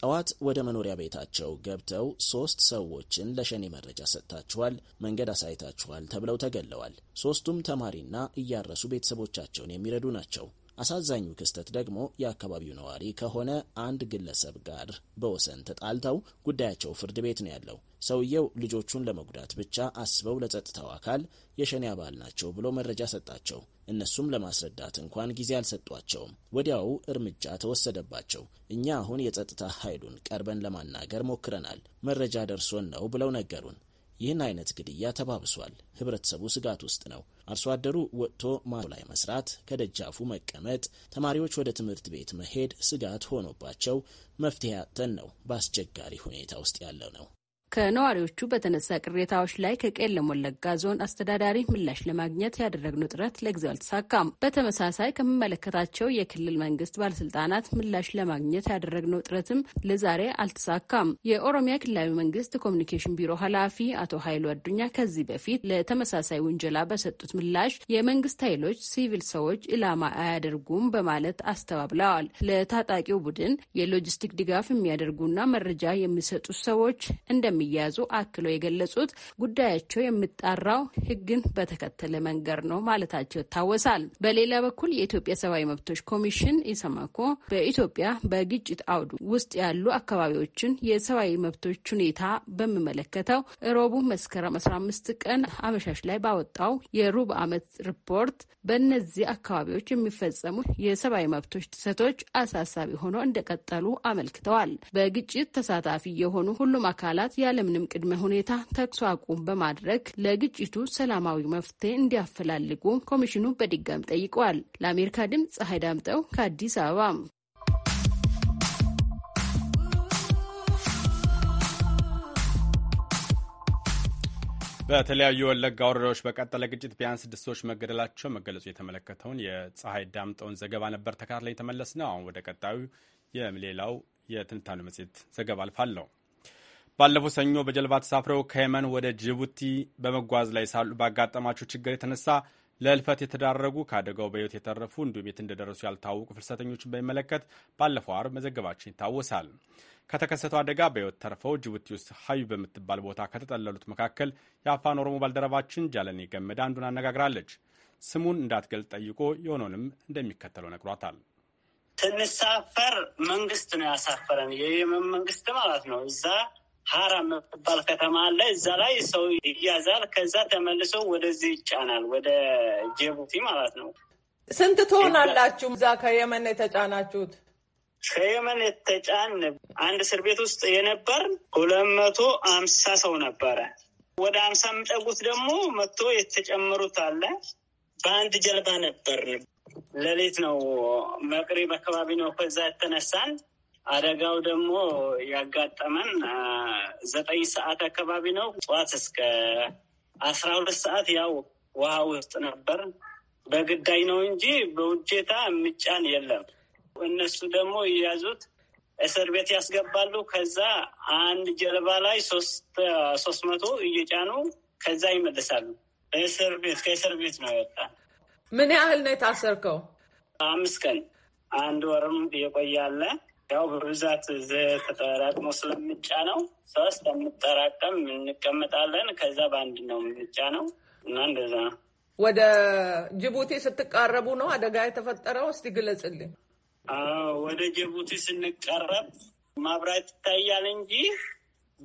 ጠዋት ወደ መኖሪያ ቤታቸው ገብተው ሶስት ሰዎችን ለሸኔ መረጃ ሰጥታችኋል፣ መንገድ አሳይታችኋል ተብለው ተገለዋል። ሶስቱም ተማሪና እያረሱ ቤተሰቦቻቸውን የሚረዱ ናቸው። አሳዛኙ ክስተት ደግሞ የአካባቢው ነዋሪ ከሆነ አንድ ግለሰብ ጋር በወሰን ተጣልተው ጉዳያቸው ፍርድ ቤት ነው ያለው። ሰውየው ልጆቹን ለመጉዳት ብቻ አስበው ለጸጥታው አካል የሸኔ አባል ናቸው ብሎ መረጃ ሰጣቸው። እነሱም ለማስረዳት እንኳን ጊዜ አልሰጧቸውም። ወዲያው እርምጃ ተወሰደባቸው። እኛ አሁን የጸጥታ ኃይሉን ቀርበን ለማናገር ሞክረናል። መረጃ ደርሶን ነው ብለው ነገሩን። ይህን አይነት ግድያ ተባብሷል። ህብረተሰቡ ስጋት ውስጥ ነው። አርሶ አደሩ ወጥቶ ማቶ ላይ መስራት፣ ከደጃፉ መቀመጥ፣ ተማሪዎች ወደ ትምህርት ቤት መሄድ ስጋት ሆኖባቸው መፍትሄ አጥተን ነው በአስቸጋሪ ሁኔታ ውስጥ ያለው ነው። ከነዋሪዎቹ በተነሳ ቅሬታዎች ላይ ከቄለም ወለጋ ዞን አስተዳዳሪ ምላሽ ለማግኘት ያደረግነው ጥረት ለጊዜው አልተሳካም። በተመሳሳይ ከሚመለከታቸው የክልል መንግስት ባለስልጣናት ምላሽ ለማግኘት ያደረግነው ጥረትም ለዛሬ አልተሳካም። የኦሮሚያ ክልላዊ መንግስት ኮሚኒኬሽን ቢሮ ኃላፊ አቶ ኃይሉ አዱኛ ከዚህ በፊት ለተመሳሳይ ውንጀላ በሰጡት ምላሽ የመንግስት ኃይሎች ሲቪል ሰዎች ኢላማ አያደርጉም በማለት አስተባብለዋል። ለታጣቂው ቡድን የሎጂስቲክ ድጋፍ የሚያደርጉና መረጃ የሚሰጡ ሰዎች እንደሚ እንደሚያያዙ አክለው የገለጹት ጉዳያቸው የሚጣራው ሕግን በተከተለ መንገድ ነው ማለታቸው ይታወሳል። በሌላ በኩል የኢትዮጵያ ሰብአዊ መብቶች ኮሚሽን ኢሰመኮ በኢትዮጵያ በግጭት አውዱ ውስጥ ያሉ አካባቢዎችን የሰብአዊ መብቶች ሁኔታ በሚመለከተው ሮቡ መስከረም 15 ቀን አመሻሽ ላይ ባወጣው የሩብ ዓመት ሪፖርት በእነዚህ አካባቢዎች የሚፈጸሙ የሰብአዊ መብቶች ጥሰቶች አሳሳቢ ሆኖ እንደቀጠሉ አመልክተዋል። በግጭት ተሳታፊ የሆኑ ሁሉም አካላት ያ ያለምንም ቅድመ ሁኔታ ተኩስ አቁም በማድረግ ለግጭቱ ሰላማዊ መፍትሄ እንዲያፈላልጉ ኮሚሽኑ በድጋም ጠይቋል። ለአሜሪካ ድምፅ ፀሐይ ዳምጠው ከአዲስ አበባ። በተለያዩ ወለጋ ወረዳዎች በቀጠለ ግጭት ቢያንስ ስድስት ሰዎች መገደላቸው መገለጹ የተመለከተውን የፀሐይ ዳምጠውን ዘገባ ነበር ተከታትለን የተመለስ ነው። አሁን ወደ ቀጣዩ የሌላው የትንታኔ መጽሔት ዘገባ አልፋለሁ። ባለፈው ሰኞ በጀልባ ተሳፍረው ከየመን ወደ ጅቡቲ በመጓዝ ላይ ሳሉ ባጋጠማቸው ችግር የተነሳ ለእልፈት የተዳረጉ ከአደጋው በሕይወት የተረፉ እንዲሁም የት እንደደረሱ ያልታወቁ ፍልሰተኞችን በሚመለከት ባለፈው አርብ መዘገባችን ይታወሳል። ከተከሰተው አደጋ በሕይወት ተርፈው ጅቡቲ ውስጥ ሀዩ በምትባል ቦታ ከተጠለሉት መካከል የአፋን ኦሮሞ ባልደረባችን ጃለኔ ገመዳ አንዱን አነጋግራለች። ስሙን እንዳትገልጽ ጠይቆ የሆነውንም እንደሚከተለው ነግሯታል። ስንሳፈር መንግስት ነው ያሳፈረን፣ የየመን መንግስት ማለት ነው እዛ ሀራ የምትባል ከተማ አለ። እዛ ላይ ሰው ይያዛል። ከዛ ተመልሶ ወደዚህ ይጫናል፣ ወደ ጅቡቲ ማለት ነው። ስንት ትሆናላችሁ እዛ ከየመን የተጫናችሁት? ከየመን የተጫን አንድ እስር ቤት ውስጥ የነበር ሁለት መቶ አምሳ ሰው ነበረ። ወደ አምሳ የምጠጉት ደግሞ መጥቶ የተጨመሩት አለ። በአንድ ጀልባ ነበር። ሌሊት ነው መቅሪብ አካባቢ ነው። ከዛ የተነሳን አደጋው ደግሞ ያጋጠመን ዘጠኝ ሰዓት አካባቢ ነው። ጠዋት እስከ አስራ ሁለት ሰዓት ያው ውሃ ውስጥ ነበር። በግዳይ ነው እንጂ በውጀታ የሚጫን የለም። እነሱ ደግሞ የያዙት እስር ቤት ያስገባሉ። ከዛ አንድ ጀልባ ላይ ሶስት መቶ እየጫኑ ከዛ ይመልሳሉ። እስር ቤት ከእስር ቤት ነው የወጣ። ምን ያህል ነው የታሰርከው? አምስት ቀን አንድ ወርም የቆያለ ያው በብዛት ተጠራቅሞ ስለምጫ ነው። ሶስት የምጠራቀም እንቀመጣለን። ከዛ በአንድ ነው የምጫ ነው እና እንደዛ ነው። ወደ ጅቡቲ ስትቃረቡ ነው አደጋ የተፈጠረው? እስቲ ግለጽልኝ። ወደ ጅቡቲ ስንቀረብ ማብራት ይታያል እንጂ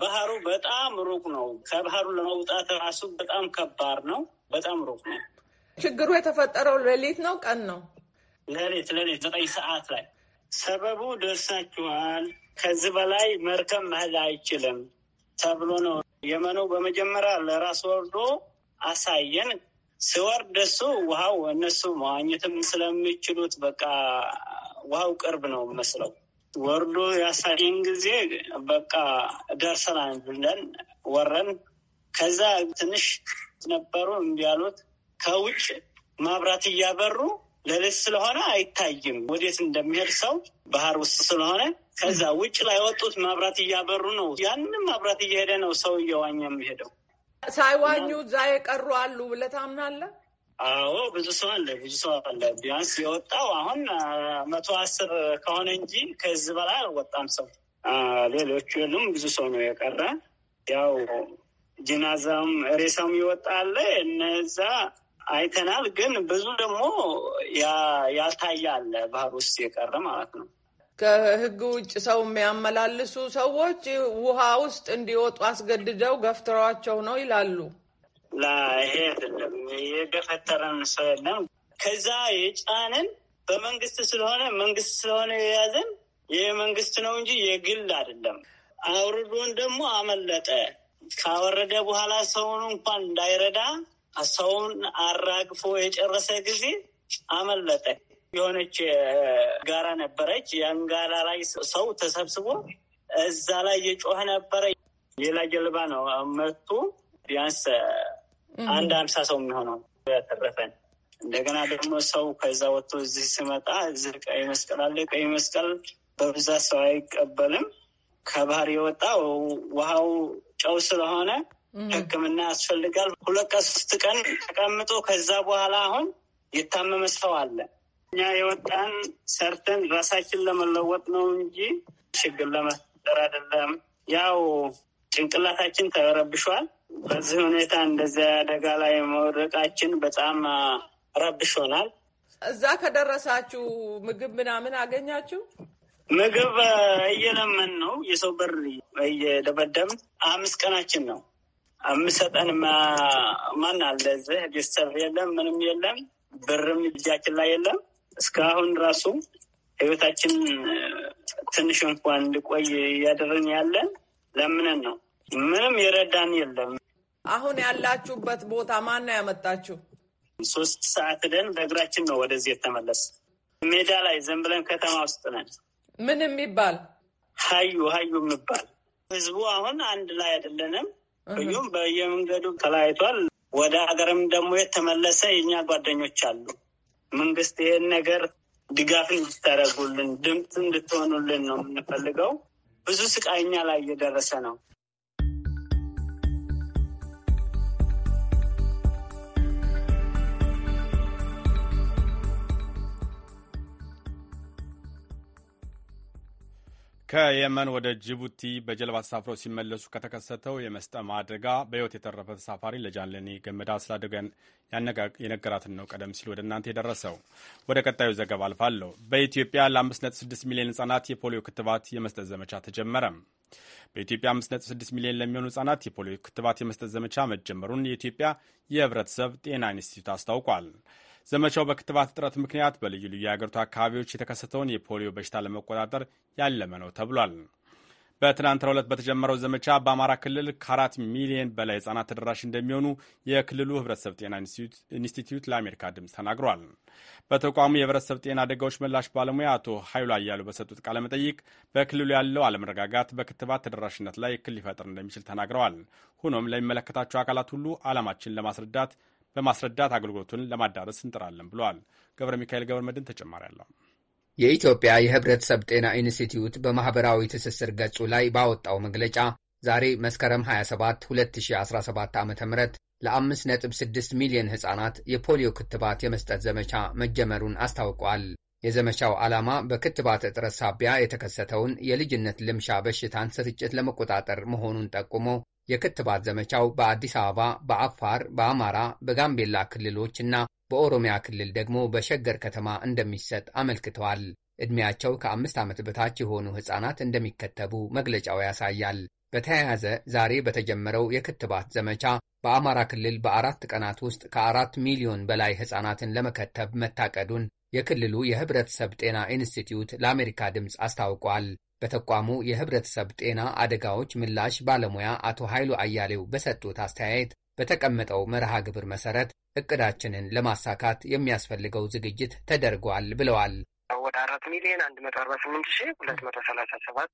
ባህሩ በጣም ሩቅ ነው። ከባህሩ ለመውጣት ራሱ በጣም ከባድ ነው። በጣም ሩቅ ነው። ችግሩ የተፈጠረው ሌሊት ነው ቀን ነው? ሌሊት ሌሊት ዘጠኝ ሰዓት ላይ ሰበቡ ደርሳችኋል፣ ከዚህ በላይ መርከብ መህል አይችልም ተብሎ ነው። የመኑ በመጀመሪያ ለራስ ወርዶ አሳየን። ስወርድ እሱ ውሃው እነሱ መዋኘትም ስለሚችሉት በቃ ውሃው ቅርብ ነው መስለው ወርዶ ያሳየን ጊዜ በቃ ደርሰናል ብለን ወረን። ከዛ ትንሽ ነበሩ እንዲያሉት ከውጭ ማብራት እያበሩ ለልጅ ስለሆነ አይታይም። ወዴት እንደሚሄድ ሰው ባህር ውስጥ ስለሆነ ከዛ ውጭ ላይ ወጡት መብራት እያበሩ ነው። ያንም መብራት እየሄደ ነው ሰው እየዋኘ የሚሄደው። ሳይዋኙ እዛ የቀሩ አሉ ብለህ ታምናለህ? አዎ ብዙ ሰው አለ፣ ብዙ ሰው አለ። ቢያንስ የወጣው አሁን መቶ አስር ከሆነ እንጂ ከዚህ በላይ አልወጣም ሰው። ሌሎቹ የሉም፣ ብዙ ሰው ነው የቀረ። ያው ጅናዛም ሬሳም ይወጣ እነዛ አይተናል። ግን ብዙ ደግሞ ያልታያለ ባህር ውስጥ የቀረ ማለት ነው። ከህግ ውጭ ሰው የሚያመላልሱ ሰዎች ውሃ ውስጥ እንዲወጡ አስገድደው ገፍትሯቸው ነው ይላሉ። ይሄ አይደለም የገፈተረን ሰው የለም። ከዛ የጫንን በመንግስት ስለሆነ መንግስት ስለሆነ የያዘን የመንግስት ነው እንጂ የግል አይደለም። አውርዶን ደግሞ አመለጠ። ካወረደ በኋላ ሰውን እንኳን እንዳይረዳ ሰውን አራግፎ የጨረሰ ጊዜ አመለጠ። የሆነች ጋራ ነበረች። ያን ጋራ ላይ ሰው ተሰብስቦ እዛ ላይ የጮኸ ነበረ። ሌላ ጀልባ ነው መቱ። ቢያንስ አንድ አምሳ ሰው የሚሆነው ያተረፈን። እንደገና ደግሞ ሰው ከዛ ወጥቶ እዚህ ሲመጣ እዚህ ቀይ መስቀል አለ። ቀይ መስቀል በብዛት ሰው አይቀበልም። ከባህር የወጣ ውሃው ጨው ስለሆነ ሕክምና ያስፈልጋል። ሁለት ቀን ቀን ተቀምጦ ከዛ በኋላ አሁን የታመመ ሰው አለ። እኛ የወጣን ሰርተን ራሳችን ለመለወጥ ነው እንጂ ችግር ለመፍጠር አይደለም። ያው ጭንቅላታችን ተረብሿል። በዚህ ሁኔታ እንደዚያ አደጋ ላይ መውደቃችን በጣም ረብሾናል። እዛ ከደረሳችሁ ምግብ ምናምን አገኛችሁ? ምግብ እየለመን ነው የሰው በር እየደበደብን አምስት ቀናችን ነው። አምሰጠን ማን አለ እዚህ ዲስተር የለም ምንም የለም ብርም እጃችን ላይ የለም። እስካሁን ራሱ ህይወታችን ትንሽ እንኳን እንድቆይ እያደረን ያለን ለምንን ነው። ምንም የረዳን የለም። አሁን ያላችሁበት ቦታ ማን ነው ያመጣችሁ? ሶስት ሰዓት ደን በእግራችን ነው ወደዚህ የተመለስ። ሜዳ ላይ ዝም ብለን ከተማ ውስጥ ነን። ምንም ይባል ሀዩ ሀዩ የሚባል ህዝቡ አሁን አንድ ላይ አይደለንም። ስዩም በየመንገዱ ተለያይቷል። ወደ ሀገርም ደግሞ የተመለሰ የእኛ ጓደኞች አሉ። መንግስት ይህን ነገር ድጋፍ እንድታደርጉልን ድምፅ እንድትሆኑልን ነው የምንፈልገው። ብዙ ስቃይ እኛ ላይ እየደረሰ ነው። ከየመን ወደ ጅቡቲ በጀልባ ተሳፍረው ሲመለሱ ከተከሰተው የመስጠም አደጋ በሕይወት የተረፈ ተሳፋሪ ለጃንለኒ ገመዳ ስለ የነገራትን ነው ቀደም ሲል ወደ እናንተ የደረሰው። ወደ ቀጣዩ ዘገባ አልፋለሁ። በኢትዮጵያ ለ5.6 ሚሊዮን ህጻናት የፖሊዮ ክትባት የመስጠት ዘመቻ ተጀመረ። በኢትዮጵያ 5.6 ሚሊዮን ለሚሆኑ ህጻናት የፖሊዮ ክትባት የመስጠት ዘመቻ መጀመሩን የኢትዮጵያ የህብረተሰብ ጤና ኢንስቲትዩት አስታውቋል። ዘመቻው በክትባት እጥረት ምክንያት በልዩ ልዩ የአገሪቱ አካባቢዎች የተከሰተውን የፖሊዮ በሽታ ለመቆጣጠር ያለመ ነው ተብሏል። በትናንትናው ዕለት በተጀመረው ዘመቻ በአማራ ክልል ከአራት ሚሊዮን በላይ ህጻናት ተደራሽ እንደሚሆኑ የክልሉ ህብረተሰብ ጤና ኢንስቲትዩት ለአሜሪካ ድምፅ ተናግሯል። በተቋሙ የህብረተሰብ ጤና አደጋዎች ምላሽ ባለሙያ አቶ ኃይሉ አያሉ በሰጡት ቃለ መጠይቅ በክልሉ ያለው አለመረጋጋት በክትባት ተደራሽነት ላይ እክል ሊፈጥር እንደሚችል ተናግረዋል። ሆኖም ለሚመለከታቸው አካላት ሁሉ አላማችን ለማስረዳት በማስረዳት አገልግሎቱን ለማዳረስ እንጥራለን ብለዋል። ገብረ ሚካኤል ገብረ መድን ተጨማሪ አለው። የኢትዮጵያ የህብረተሰብ ጤና ኢንስቲትዩት በማኅበራዊ ትስስር ገጹ ላይ ባወጣው መግለጫ ዛሬ መስከረም 27 2017 ዓ ም ለ5.6 ሚሊዮን ሕፃናት የፖሊዮ ክትባት የመስጠት ዘመቻ መጀመሩን አስታውቋል። የዘመቻው ዓላማ በክትባት እጥረት ሳቢያ የተከሰተውን የልጅነት ልምሻ በሽታን ስርጭት ለመቆጣጠር መሆኑን ጠቁሞ የክትባት ዘመቻው በአዲስ አበባ፣ በአፋር፣ በአማራ፣ በጋምቤላ ክልሎች እና በኦሮሚያ ክልል ደግሞ በሸገር ከተማ እንደሚሰጥ አመልክተዋል። ዕድሜያቸው ከአምስት ዓመት በታች የሆኑ ሕፃናት እንደሚከተቡ መግለጫው ያሳያል። በተያያዘ ዛሬ በተጀመረው የክትባት ዘመቻ በአማራ ክልል በአራት ቀናት ውስጥ ከአራት ሚሊዮን በላይ ሕፃናትን ለመከተብ መታቀዱን የክልሉ የህብረተሰብ ጤና ኢንስቲትዩት ለአሜሪካ ድምፅ አስታውቋል። በተቋሙ የህብረተሰብ ጤና አደጋዎች ምላሽ ባለሙያ አቶ ኃይሉ አያሌው በሰጡት አስተያየት በተቀመጠው መርሃ ግብር መሰረት እቅዳችንን ለማሳካት የሚያስፈልገው ዝግጅት ተደርጓል ብለዋል። ወደ አራት ሚሊዮን አንድ መቶ አርባ ስምንት ሺ ሁለት መቶ ሰላሳ ሰባት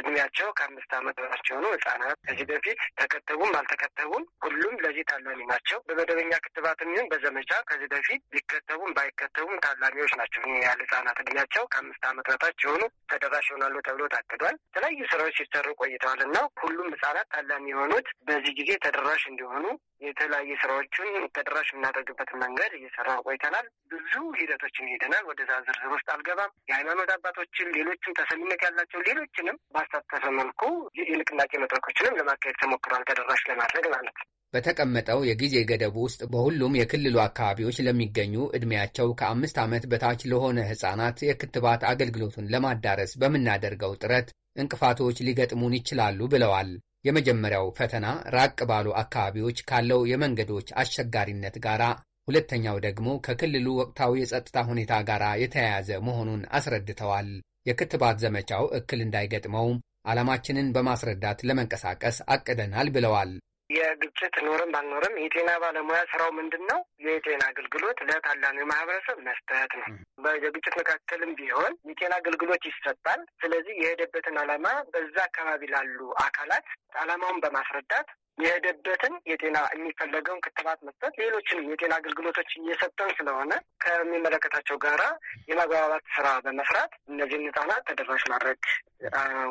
እድሜያቸው ከአምስት አመት በታች የሆኑ ህጻናት ከዚህ በፊት ተከተቡም አልተከተቡም ሁሉም ለዚህ ታላሚ ናቸው። በመደበኛ ክትባትም ይሁን በዘመቻ ከዚህ በፊት ሊከተቡም ባይከተቡም ታላሚዎች ናቸው። ያህል ህጻናት እድሜያቸው ከአምስት አመት በታች የሆኑ ተደራሽ ይሆናሉ ተብሎ ታቅዷል። የተለያዩ ስራዎች ሲሰሩ ቆይተዋል እና ሁሉም ህጻናት ታላሚ የሆኑት በዚህ ጊዜ ተደራሽ እንዲሆኑ የተለያየ ስራዎችን ተደራሽ የምናደርግበት መንገድ እየሰራ ቆይተናል። ብዙ ሂደቶችን ሄደናል። ወደዛ ዝርዝር ውስጥ አልገ ባንገባም የሃይማኖት አባቶችን ሌሎችም ተሰሚነት ያላቸው ሌሎችንም ባሳተፈ መልኩ የንቅናቄ መድረኮችንም ለማካሄድ ተሞክሯል፣ ተደራሽ ለማድረግ ማለት ነው። በተቀመጠው የጊዜ ገደብ ውስጥ በሁሉም የክልሉ አካባቢዎች ለሚገኙ ዕድሜያቸው ከአምስት ዓመት በታች ለሆነ ሕፃናት የክትባት አገልግሎቱን ለማዳረስ በምናደርገው ጥረት እንቅፋቶች ሊገጥሙን ይችላሉ ብለዋል። የመጀመሪያው ፈተና ራቅ ባሉ አካባቢዎች ካለው የመንገዶች አስቸጋሪነት ጋር ሁለተኛው ደግሞ ከክልሉ ወቅታዊ የጸጥታ ሁኔታ ጋር የተያያዘ መሆኑን አስረድተዋል። የክትባት ዘመቻው እክል እንዳይገጥመው ዓላማችንን በማስረዳት ለመንቀሳቀስ አቅደናል ብለዋል። የግጭት ኖርም ባልኖርም የጤና ባለሙያ ስራው ምንድን ነው? የጤና አገልግሎት ለታላሚ ማህበረሰብ መስጠት ነው። በግጭት መካከልም ቢሆን የጤና አገልግሎት ይሰጣል። ስለዚህ የሄደበትን ዓላማ በዛ አካባቢ ላሉ አካላት ዓላማውን በማስረዳት የሄደበትን የጤና የሚፈለገውን ክትባት መስጠት፣ ሌሎችንም የጤና አገልግሎቶች እየሰጠን ስለሆነ ከሚመለከታቸው ጋራ የማግባባት ስራ በመስራት እነዚህን ህጻናት ተደራሽ ማድረግ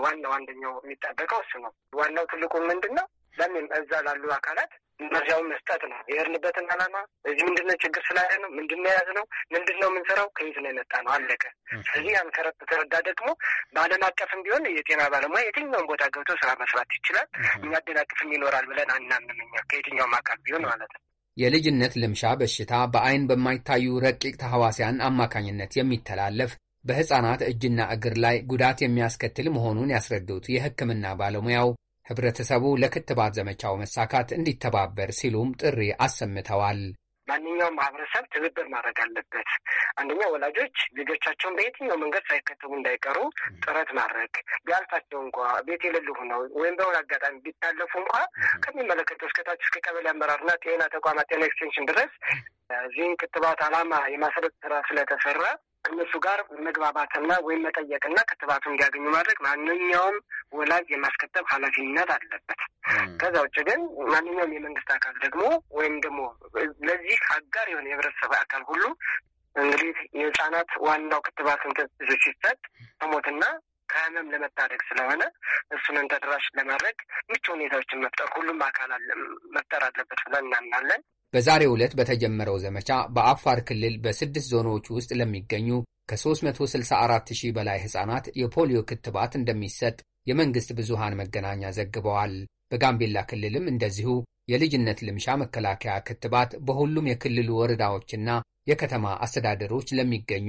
ዋናው አንደኛው የሚጠበቀው እሱ ነው። ዋናው ትልቁ ምንድን ነው ለምን እዛ ላሉ አካላት መረጃውን መስጠት ነው። የሄድንበትን ዓላማ እዚህ ምንድነው ችግር ስላለ ነው፣ ምንድነው የያዝ ነው፣ ምንድነው የምንሰራው፣ ከየት ነው የመጣ ነው፣ አለቀ። ስለዚህ ያን ከተረዳ ደግሞ በዓለም አቀፍም ቢሆን የጤና ባለሙያ የትኛውም ቦታ ገብቶ ስራ መስራት ይችላል። የሚያደናቅፍም ይኖራል ብለን አናምንም እኛ ከየትኛውም አካል ቢሆን ማለት ነው። የልጅነት ልምሻ በሽታ በአይን በማይታዩ ረቂቅ ተሐዋሲያን አማካኝነት የሚተላለፍ በሕፃናት እጅና እግር ላይ ጉዳት የሚያስከትል መሆኑን ያስረዱት የሕክምና ባለሙያው ህብረተሰቡ ለክትባት ዘመቻው መሳካት እንዲተባበር ሲሉም ጥሪ አሰምተዋል። ማንኛውም ማህበረሰብ ትብብር ማድረግ አለበት። አንደኛ ወላጆች ልጆቻቸውን በየትኛው መንገድ ሳይከተቡ እንዳይቀሩ ጥረት ማድረግ ቢያልፋቸው እንኳ ቤት የሌሉ ሆነው ወይም በሆነ አጋጣሚ ቢታለፉ እንኳ ከሚመለከተው እስከታች እስከ ቀበሌ አመራርና ጤና ተቋማት ጤና ኤክስቴንሽን ድረስ እዚህን ክትባት ዓላማ የማሰረት ስራ ስለተሰራ እነሱ ጋር መግባባትና ወይም መጠየቅና ክትባቱ እንዲያገኙ ማድረግ ማንኛውም ወላጅ የማስከተብ ኃላፊነት አለበት። ከዛ ውጭ ግን ማንኛውም የመንግስት አካል ደግሞ ወይም ደግሞ ለዚህ አጋር የሆነ የህብረተሰብ አካል ሁሉ እንግዲህ የህጻናት ዋናው ክትባትን ብዙ ሲሰጥ ከሞትና ከህመም ለመታደግ ስለሆነ እሱንን ተደራሽ ለማድረግ ምቹ ሁኔታዎችን መፍጠር ሁሉም አካል መፍጠር አለበት ብለን እናምናለን። በዛሬ ዕለት በተጀመረው ዘመቻ በአፋር ክልል በስድስት ዞኖች ውስጥ ለሚገኙ ከ364 ሺህ በላይ ሕፃናት የፖሊዮ ክትባት እንደሚሰጥ የመንግሥት ብዙሃን መገናኛ ዘግበዋል። በጋምቤላ ክልልም እንደዚሁ የልጅነት ልምሻ መከላከያ ክትባት በሁሉም የክልሉ ወረዳዎችና የከተማ አስተዳደሮች ለሚገኙ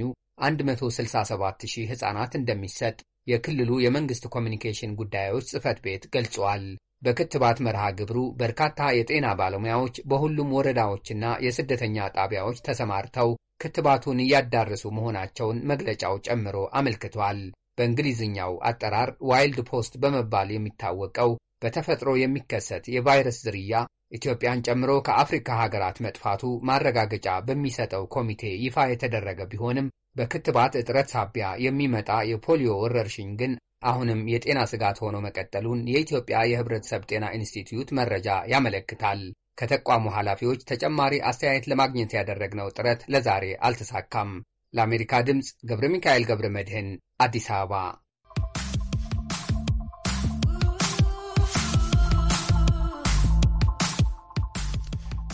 167 ሺህ ሕፃናት እንደሚሰጥ የክልሉ የመንግሥት ኮሚኒኬሽን ጉዳዮች ጽሕፈት ቤት ገልጿል። በክትባት መርሃ ግብሩ በርካታ የጤና ባለሙያዎች በሁሉም ወረዳዎችና የስደተኛ ጣቢያዎች ተሰማርተው ክትባቱን እያዳረሱ መሆናቸውን መግለጫው ጨምሮ አመልክቷል። በእንግሊዝኛው አጠራር ዋይልድ ፖስት በመባል የሚታወቀው በተፈጥሮ የሚከሰት የቫይረስ ዝርያ ኢትዮጵያን ጨምሮ ከአፍሪካ ሀገራት መጥፋቱ ማረጋገጫ በሚሰጠው ኮሚቴ ይፋ የተደረገ ቢሆንም በክትባት እጥረት ሳቢያ የሚመጣ የፖሊዮ ወረርሽኝ ግን አሁንም የጤና ስጋት ሆኖ መቀጠሉን የኢትዮጵያ የሕብረተሰብ ጤና ኢንስቲትዩት መረጃ ያመለክታል። ከተቋሙ ኃላፊዎች ተጨማሪ አስተያየት ለማግኘት ያደረግነው ጥረት ለዛሬ አልተሳካም። ለአሜሪካ ድምፅ ገብረ ሚካኤል ገብረ መድህን አዲስ አበባ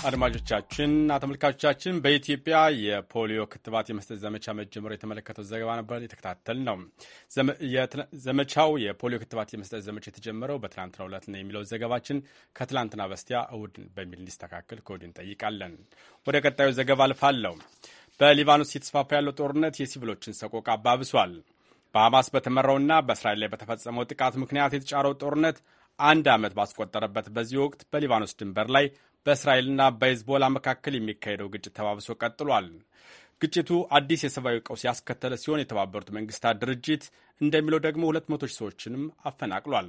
አድማጮቻችንና ተመልካቾቻችን በኢትዮጵያ የፖሊዮ ክትባት የመስጠት ዘመቻ መጀመሩ የተመለከተው ዘገባ ነበር የተከታተል ነው። ዘመቻው የፖሊዮ ክትባት የመስጠት ዘመቻ የተጀመረው በትናንትናው ዕለት ነው የሚለው ዘገባችን ከትላንትና በስቲያ እሁድ በሚል እንዲስተካከል ከወዲሁ እንጠይቃለን። ወደ ቀጣዩ ዘገባ አልፋለሁ። በሊባኖስ የተስፋፋ ያለው ጦርነት የሲቪሎችን ሰቆቃ አባብሷል። በሐማስ በተመራውና በእስራኤል ላይ በተፈጸመው ጥቃት ምክንያት የተጫረው ጦርነት አንድ ዓመት ባስቆጠረበት በዚህ ወቅት በሊባኖስ ድንበር ላይ በእስራኤልና በሂዝቦላ መካከል የሚካሄደው ግጭት ተባብሶ ቀጥሏል። ግጭቱ አዲስ የሰብአዊ ቀውስ ያስከተለ ሲሆን የተባበሩት መንግስታት ድርጅት እንደሚለው ደግሞ ሁለት መቶ ሺህ ሰዎችንም አፈናቅሏል።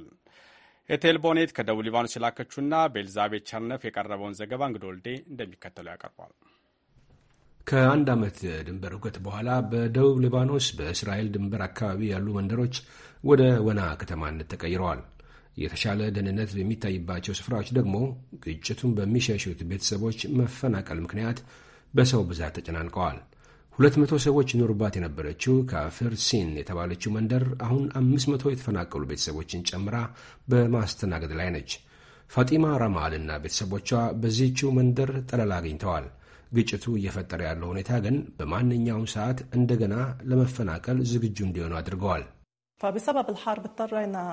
ኤቴል ቦኔት ከደቡብ ሊባኖስ የላከችውና በኤልዛቤት ቸርነፍ የቀረበውን ዘገባ እንግዶ ወልዴ እንደሚከተለው ያቀርቧል። ከአንድ ዓመት ድንበር እውቀት በኋላ በደቡብ ሊባኖስ በእስራኤል ድንበር አካባቢ ያሉ መንደሮች ወደ ወና ከተማነት ተቀይረዋል። የተሻለ ደህንነት በሚታይባቸው ስፍራዎች ደግሞ ግጭቱን በሚሸሹት ቤተሰቦች መፈናቀል ምክንያት በሰው ብዛት ተጨናንቀዋል። ሁለት መቶ ሰዎች ይኖሩባት የነበረችው ካፍር ሲን የተባለችው መንደር አሁን አምስት መቶ የተፈናቀሉ ቤተሰቦችን ጨምራ በማስተናገድ ላይ ነች። ፋጢማ ራማል እና ቤተሰቦቿ በዚህችው መንደር ጠለላ አግኝተዋል። ግጭቱ እየፈጠረ ያለው ሁኔታ ግን በማንኛውም ሰዓት እንደገና ለመፈናቀል ዝግጁ እንዲሆኑ አድርገዋል። فبسبب الحرب اضطرينا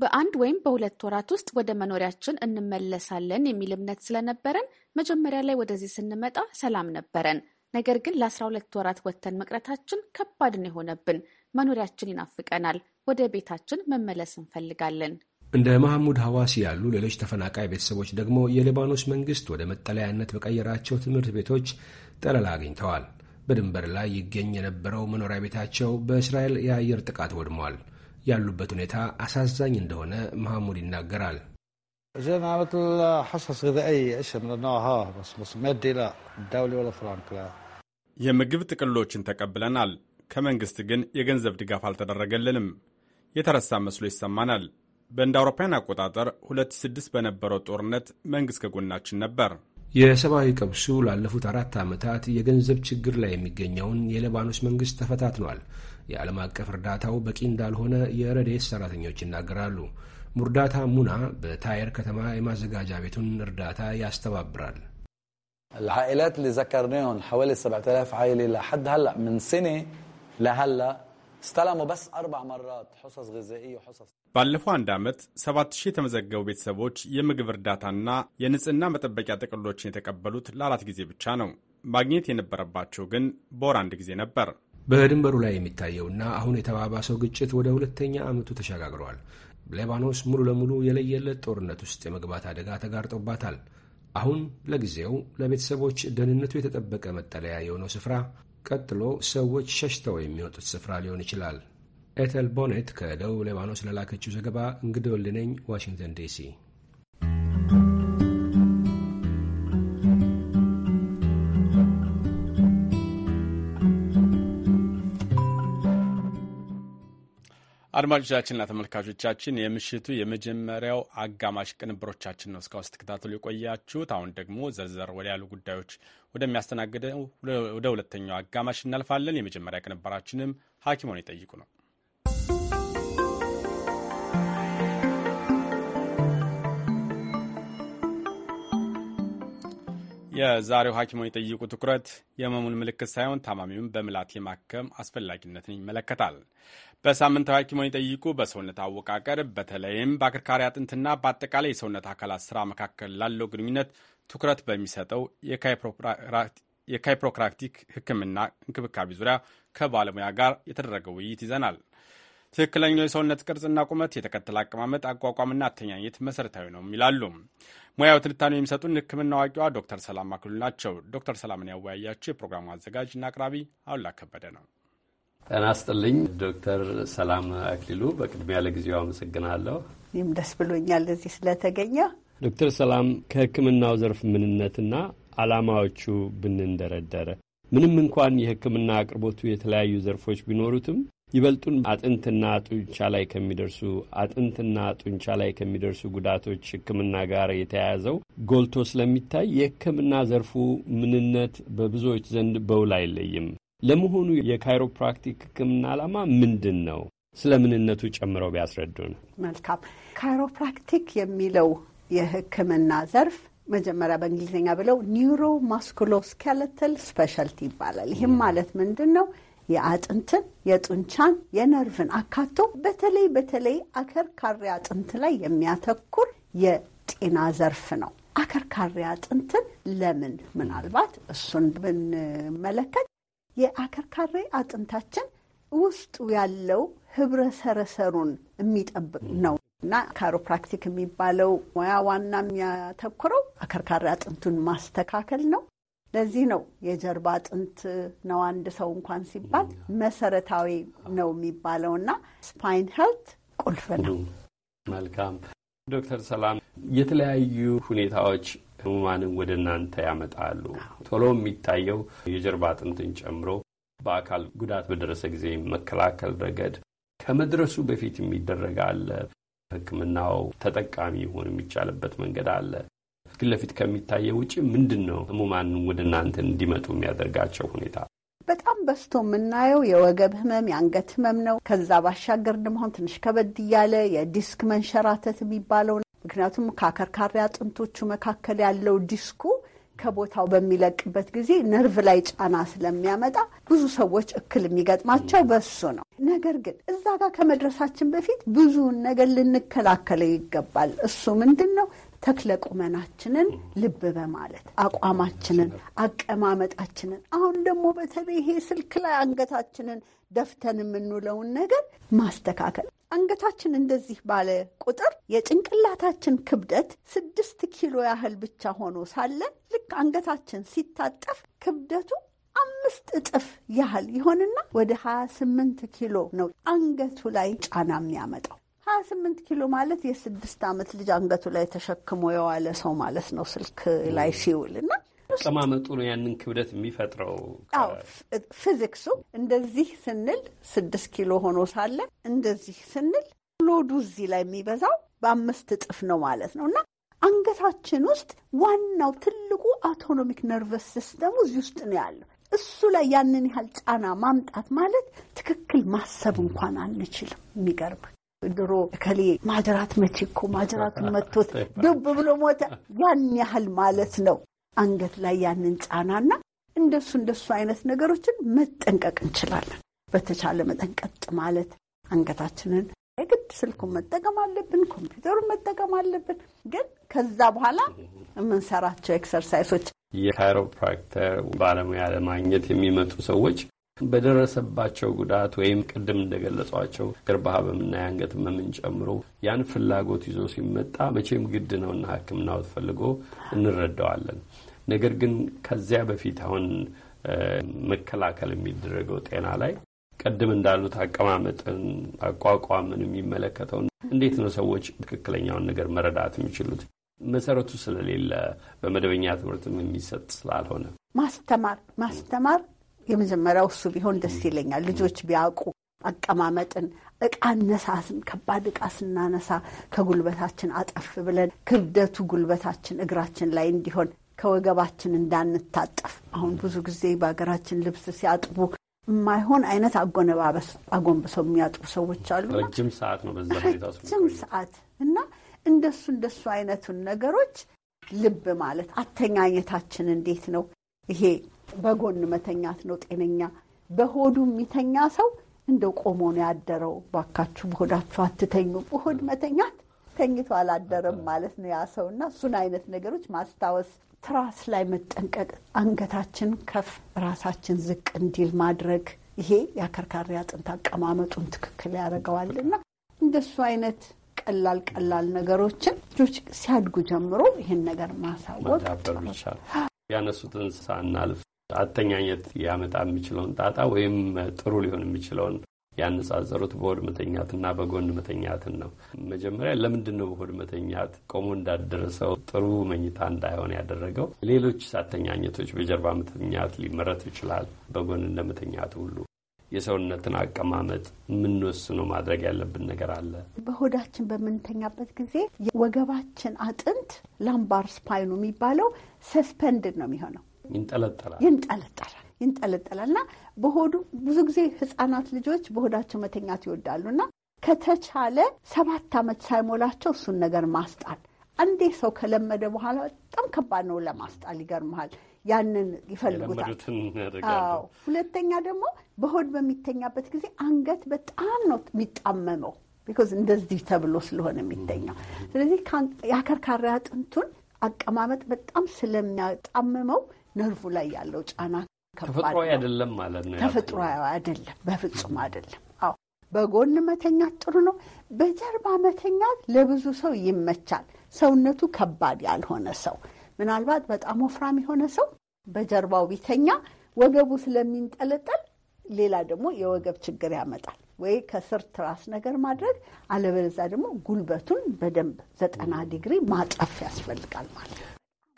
በአንድ ወይም በሁለት ወራት ውስጥ ወደ መኖሪያችን እንመለሳለን የሚል እምነት ስለነበረን መጀመሪያ ላይ ወደዚህ ስንመጣ ሰላም ነበረን። ነገር ግን ለ12 ወራት ወጥተን መቅረታችን ከባድ ነው የሆነብን። መኖሪያችን ይናፍቀናል። ወደ ቤታችን መመለስ እንፈልጋለን። እንደ መሐሙድ ሐዋሲ ያሉ ሌሎች ተፈናቃይ ቤተሰቦች ደግሞ የሊባኖስ መንግስት ወደ መጠለያነት በቀየራቸው ትምህርት ቤቶች ጠለላ አግኝተዋል። በድንበር ላይ ይገኝ የነበረው መኖሪያ ቤታቸው በእስራኤል የአየር ጥቃት ወድሟል። ያሉበት ሁኔታ አሳዛኝ እንደሆነ መሐሙድ ይናገራል። የምግብ ጥቅሎችን ተቀብለናል። ከመንግሥት ግን የገንዘብ ድጋፍ አልተደረገልንም። የተረሳ መስሎ ይሰማናል። በእንደ አውሮፓውያን አቆጣጠር 2006 በነበረው ጦርነት መንግሥት ከጎናችን ነበር። የሰብአዊ ቀብሱ ላለፉት አራት ዓመታት የገንዘብ ችግር ላይ የሚገኘውን የሊባኖስ መንግሥት ተፈታትኗል። የዓለም አቀፍ እርዳታው በቂ እንዳልሆነ የረድኤት ሠራተኞች ይናገራሉ። ሙርዳታ ሙና በታየር ከተማ የማዘጋጃ ቤቱን እርዳታ ያስተባብራል። العائلات اللي ذكرناهم حوالي 7000 عائله لحد هلا من سنه لهلا ባለፈው አንድ ዓመት 7000 የተመዘገቡ ቤተሰቦች የምግብ እርዳታና የንጽህና መጠበቂያ ጥቅሎችን የተቀበሉት ለአራት ጊዜ ብቻ ነው። ማግኘት የነበረባቸው ግን በወር አንድ ጊዜ ነበር። በድንበሩ ላይ የሚታየውና አሁን የተባባሰው ግጭት ወደ ሁለተኛ ዓመቱ ተሸጋግሯል። ሌባኖስ ሙሉ ለሙሉ የለየለት ጦርነት ውስጥ የመግባት አደጋ ተጋርጦባታል። አሁን ለጊዜው ለቤተሰቦች ደህንነቱ የተጠበቀ መጠለያ የሆነው ስፍራ ቀጥሎ ሰዎች ሸሽተው የሚወጡት ስፍራ ሊሆን ይችላል። ኤተል ቦኔት ከደቡብ ሌባኖስ ለላከችው ዘገባ እንግዲህ ወልነኝ ዋሽንግተን ዲሲ። አድማጮቻችንና ተመልካቾቻችን የምሽቱ የመጀመሪያው አጋማሽ ቅንብሮቻችን ነው እስካሁን ስትከታተሉ የቆያችሁት። አሁን ደግሞ ዘርዘር ወደ ያሉ ጉዳዮች ወደሚያስተናግደው ወደ ሁለተኛው አጋማሽ እናልፋለን። የመጀመሪያ ቅንባራችንም ሐኪሞን ይጠይቁ ነው። የዛሬው ሐኪሞን ይጠይቁ ትኩረት የህመሙን ምልክት ሳይሆን ታማሚውን በምላት የማከም አስፈላጊነትን ይመለከታል። በሳምንታዊ ሐኪሞን የጠይቁ በሰውነት አወቃቀር በተለይም በአከርካሪ አጥንትና በአጠቃላይ የሰውነት አካላት ስራ መካከል ላለው ግንኙነት ትኩረት በሚሰጠው የካይፕሮፕራክቲክ ሕክምና እንክብካቤ ዙሪያ ከባለሙያ ጋር የተደረገ ውይይት ይዘናል። ትክክለኛው የሰውነት ቅርጽና ቁመት፣ የተከተለ አቀማመጥ፣ አቋቋምና አተኛኘት መሰረታዊ ነው ይላሉ። ሙያው ትንታኔ የሚሰጡን ሕክምና አዋቂዋ ዶክተር ሰላም አክሉል ናቸው። ዶክተር ሰላምን ያወያያቸው የፕሮግራሙ አዘጋጅ እና አቅራቢ አሉላ ከበደ ነው። ጤና ይስጥልኝ ዶክተር ሰላም አክሊሉ፣ በቅድሚያ ለጊዜው አመሰግናለሁ። ይህም ደስ ብሎኛል እዚህ ስለተገኘ ዶክተር ሰላም ከሕክምናው ዘርፍ ምንነትና ዓላማዎቹ ብንንደረደረ ምንም እንኳን የሕክምና አቅርቦቱ የተለያዩ ዘርፎች ቢኖሩትም ይበልጡን አጥንትና ጡንቻ ላይ ከሚደርሱ አጥንትና ጡንቻ ላይ ከሚደርሱ ጉዳቶች ሕክምና ጋር የተያያዘው ጎልቶ ስለሚታይ የሕክምና ዘርፉ ምንነት በብዙዎች ዘንድ በውል አይለይም። ለመሆኑ የካይሮፕራክቲክ ሕክምና ዓላማ ምንድን ነው? ስለ ምንነቱ ጨምረው ቢያስረዱን። መልካም ካይሮፕራክቲክ የሚለው የሕክምና ዘርፍ መጀመሪያ በእንግሊዝኛ ብለው ኒውሮ ማስኩሎስኬለተል ስፔሻልቲ ይባላል። ይህም ማለት ምንድን ነው? የአጥንትን፣ የጡንቻን፣ የነርቭን አካቶ በተለይ በተለይ አከርካሪ አጥንት ላይ የሚያተኩር የጤና ዘርፍ ነው። አከርካሪ አጥንትን ለምን ምናልባት እሱን ብንመለከት የአከርካሪ አጥንታችን ውስጡ ያለው ህብረ ሰረሰሩን የሚጠብቅ ነው። እና ካይሮፕራክቲክ የሚባለው ሙያ ዋና የሚያተኩረው አከርካሪ አጥንቱን ማስተካከል ነው። ለዚህ ነው የጀርባ አጥንት ነው አንድ ሰው እንኳን ሲባል መሰረታዊ ነው የሚባለው እና ስፓይን ሄልት ቁልፍ ነው። መልካም ዶክተር ሰላም የተለያዩ ሁኔታዎች ህሙማንን ወደ እናንተ ያመጣሉ። ቶሎ የሚታየው የጀርባ አጥንትን ጨምሮ በአካል ጉዳት በደረሰ ጊዜ መከላከል ረገድ ከመድረሱ በፊት የሚደረግ አለ። ሕክምናው ተጠቃሚ መሆን የሚቻልበት መንገድ አለ። ፊት ለፊት ከሚታየው ውጭ ምንድን ነው ህሙማን ወደ እናንተ እንዲመጡ የሚያደርጋቸው ሁኔታ? በጣም በስቶ የምናየው የወገብ ህመም፣ የአንገት ህመም ነው። ከዛ ባሻገር ደግሞ ትንሽ ከበድ እያለ የዲስክ መንሸራተት የሚባለው ምክንያቱም ከአከርካሪ አጥንቶቹ መካከል ያለው ዲስኩ ከቦታው በሚለቅበት ጊዜ ነርቭ ላይ ጫና ስለሚያመጣ ብዙ ሰዎች እክል የሚገጥማቸው በሱ ነው። ነገር ግን እዛ ጋር ከመድረሳችን በፊት ብዙውን ነገር ልንከላከለው ይገባል። እሱ ምንድን ነው? ተክለ ቁመናችንን ልብ በማለት አቋማችንን፣ አቀማመጣችንን አሁን ደግሞ በተለይ ይሄ ስልክ ላይ አንገታችንን ደፍተን የምንውለውን ነገር ማስተካከል አንገታችን እንደዚህ ባለ ቁጥር የጭንቅላታችን ክብደት ስድስት ኪሎ ያህል ብቻ ሆኖ ሳለ ልክ አንገታችን ሲታጠፍ ክብደቱ አምስት እጥፍ ያህል ይሆንና ወደ 28 ኪሎ ነው አንገቱ ላይ ጫና የሚያመጣው። ሀያ ስምንት ኪሎ ማለት የስድስት አመት ልጅ አንገቱ ላይ ተሸክሞ የዋለ ሰው ማለት ነው ስልክ ላይ ሲውል እና አቀማመጡ ነው ያንን ክብደት የሚፈጥረው። አዎ ፊዚክሱ እንደዚህ ስንል ስድስት ኪሎ ሆኖ ሳለ እንደዚህ ስንል ሎዱ እዚህ ላይ የሚበዛው በአምስት እጥፍ ነው ማለት ነው እና አንገታችን ውስጥ ዋናው ትልቁ አውቶኖሚክ ነርቨስ ሲስተሙ እዚህ ውስጥ ነው ያለው። እሱ ላይ ያንን ያህል ጫና ማምጣት ማለት ትክክል ማሰብ እንኳን አንችልም። የሚገርም ድሮ እከሌ ማጅራት መቼ እኮ ማጅራቱን መቶት ድብ ብሎ ሞተ። ያን ያህል ማለት ነው። አንገት ላይ ያንን ጫናና እንደሱ እንደሱ አይነት ነገሮችን መጠንቀቅ እንችላለን። በተቻለ መጠን ቀጥ ማለት አንገታችንን የግድ ስልኩን መጠቀም አለብን፣ ኮምፒውተሩን መጠቀም አለብን። ግን ከዛ በኋላ የምንሰራቸው ኤክሰርሳይሶች የካይሮፕራክተር ባለሙያ ለማግኘት የሚመጡ ሰዎች በደረሰባቸው ጉዳት ወይም ቅድም እንደገለጿቸው የጀርባ ሕመምና የአንገት ሕመምን ጨምሮ ያን ፍላጎት ይዞ ሲመጣ መቼም ግድ ነውና ሕክምናው ፈልጎ እንረዳዋለን። ነገር ግን ከዚያ በፊት አሁን መከላከል የሚደረገው ጤና ላይ ቅድም እንዳሉት አቀማመጥን፣ አቋቋምን የሚመለከተውን እንዴት ነው ሰዎች ትክክለኛውን ነገር መረዳት የሚችሉት? መሰረቱ ስለሌለ በመደበኛ ትምህርትም የሚሰጥ ስላልሆነ ማስተማር ማስተማር የመጀመሪያው እሱ ቢሆን ደስ ይለኛል። ልጆች ቢያውቁ አቀማመጥን፣ እቃ አነሳስን፣ ከባድ እቃ ስናነሳ ከጉልበታችን አጠፍ ብለን ክብደቱ ጉልበታችን እግራችን ላይ እንዲሆን ከወገባችን እንዳንታጠፍ። አሁን ብዙ ጊዜ በሀገራችን ልብስ ሲያጥቡ የማይሆን አይነት አጎነባበስ አጎንብሰው የሚያጥቡ ሰዎች አሉ። ረጅም ሰዓት ነው በዛ ረጅም ሰዓት እና እንደሱ እንደሱ አይነቱን ነገሮች ልብ ማለት አተኛኘታችን እንዴት ነው ይሄ በጎን መተኛት ነው ጤነኛ። በሆዱ የሚተኛ ሰው እንደው ቆሞ ነው ያደረው። ባካችሁ በሆዳችሁ አትተኙ። በሆድ መተኛት ተኝቶ አላደረም ማለት ነው ያ ሰው እና እሱን አይነት ነገሮች ማስታወስ፣ ትራስ ላይ መጠንቀቅ፣ አንገታችን ከፍ ራሳችን ዝቅ እንዲል ማድረግ። ይሄ የአከርካሪ አጥንት አቀማመጡን ትክክል ያደርገዋል እና እንደሱ አይነት ቀላል ቀላል ነገሮችን ልጆች ሲያድጉ ጀምሮ ይህን ነገር ማሳወቅ ያነሱትን ሳናልፍ አተኛኘት ያመጣ የሚችለውን ጣጣ ወይም ጥሩ ሊሆን የሚችለውን ያነጻጸሩት በሆድ መተኛትና በጎን መተኛትን ነው። መጀመሪያ ለምንድን ነው በሆድ መተኛት ቆሞ እንዳደረሰው ጥሩ መኝታ እንዳይሆን ያደረገው? ሌሎች አተኛኘቶች በጀርባ መተኛት ሊመረት ይችላል። በጎን እንደመተኛት ሁሉ የሰውነትን አቀማመጥ የምንወስነው ማድረግ ያለብን ነገር አለ። በሆዳችን በምንተኛበት ጊዜ ወገባችን አጥንት ላምባር ስፓይኑ የሚባለው ሰስፐንድን ነው የሚሆነው ይንጠለጠላል ይንጠለጠላል ይንጠለጠላልና በሆዱ ብዙ ጊዜ ህጻናት ልጆች በሆዳቸው መተኛት ይወዳሉና ከተቻለ ሰባት ዓመት ሳይሞላቸው እሱን ነገር ማስጣል አንዴ ሰው ከለመደ በኋላ በጣም ከባድ ነው ለማስጣል። ይገርመሃል፣ ያንን ይፈልጉታል። ሁለተኛ ደግሞ በሆድ በሚተኛበት ጊዜ አንገት በጣም ነው የሚጣመመው፣ ቢኮዝ እንደዚህ ተብሎ ስለሆነ የሚተኛው። ስለዚህ የአከርካሪ አጥንቱን አቀማመጥ በጣም ስለሚያጣምመው ነርፉ ላይ ያለው ጫና ተፈጥሮ አይደለም ማለት ነው። ተፈጥሮ አይደለም፣ በፍጹም አይደለም። አዎ በጎን መተኛት ጥሩ ነው። በጀርባ መተኛት ለብዙ ሰው ይመቻል። ሰውነቱ ከባድ ያልሆነ ሰው፣ ምናልባት በጣም ወፍራም የሆነ ሰው በጀርባው ቢተኛ ወገቡ ስለሚንጠለጠል ሌላ ደግሞ የወገብ ችግር ያመጣል። ወይ ከስር ትራስ ነገር ማድረግ አለበለዚያ ደግሞ ጉልበቱን በደንብ ዘጠና ዲግሪ ማጠፍ ያስፈልጋል ማለት ነው።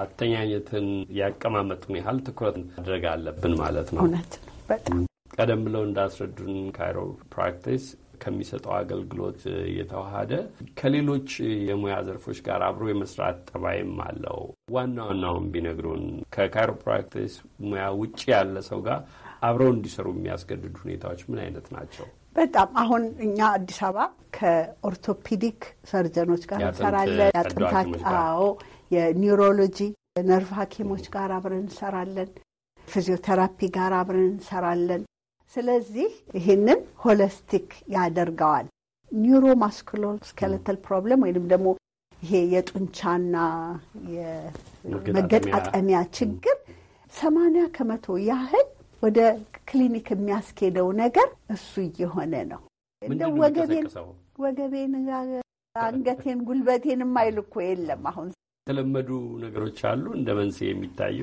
አተኛኘትን ያቀማመጡን ያህል ትኩረት ማድረግ አለብን ማለት ነው። እውነት ነው። በጣም ቀደም ብለው እንዳስረዱን ካይሮ ፕራክቲስ ከሚሰጠው አገልግሎት የተዋሃደ ከሌሎች የሙያ ዘርፎች ጋር አብሮ የመስራት ጠባይም አለው። ዋና ዋናውን ቢነግሩን ከካይሮ ፕራክቲስ ሙያ ውጭ ያለ ሰው ጋር አብረው እንዲሰሩ የሚያስገድዱ ሁኔታዎች ምን አይነት ናቸው? በጣም አሁን እኛ አዲስ አበባ ከኦርቶፔዲክ ሰርጀኖች ጋር እንሰራለን። አጥንታቸው የኒውሮሎጂ ነርቭ ሐኪሞች ጋር አብረን እንሰራለን። ፊዚዮቴራፒ ጋር አብረን እንሰራለን። ስለዚህ ይህንን ሆለስቲክ ያደርገዋል። ኒውሮማስኩሎ ስኬለተል ፕሮብለም ወይንም ደግሞ ይሄ የጡንቻና የመገጣጠሚያ ችግር ሰማንያ ከመቶ ያህል ወደ ክሊኒክ የሚያስኬደው ነገር እሱ እየሆነ ነው። እንደ ወገቤን ወገቤን፣ አንገቴን፣ ጉልበቴን የማይልኮ የለም አሁን የተለመዱ ነገሮች አሉ እንደ መንስኤ የሚታዩ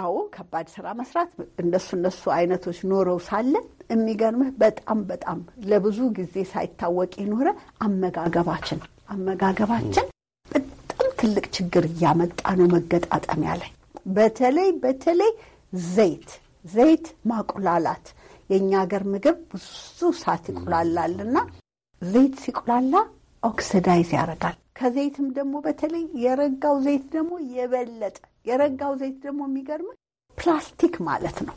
አዎ፣ ከባድ ስራ መስራት እንደሱ እነሱ አይነቶች ኖረው ሳለ የሚገርምህ በጣም በጣም ለብዙ ጊዜ ሳይታወቅ የኖረ አመጋገባችን አመጋገባችን በጣም ትልቅ ችግር እያመጣ ነው። መገጣጠሚያ ላይ በተለይ በተለይ ዘይት ዘይት ማቁላላት የእኛ ሀገር ምግብ ብዙ ሰዓት ይቁላላልና ዘይት ሲቁላላ ኦክሲዳይዝ ያደርጋል። ከዘይትም ደግሞ በተለይ የረጋው ዘይት ደግሞ የበለጠ የረጋው ዘይት ደግሞ የሚገርም ፕላስቲክ ማለት ነው።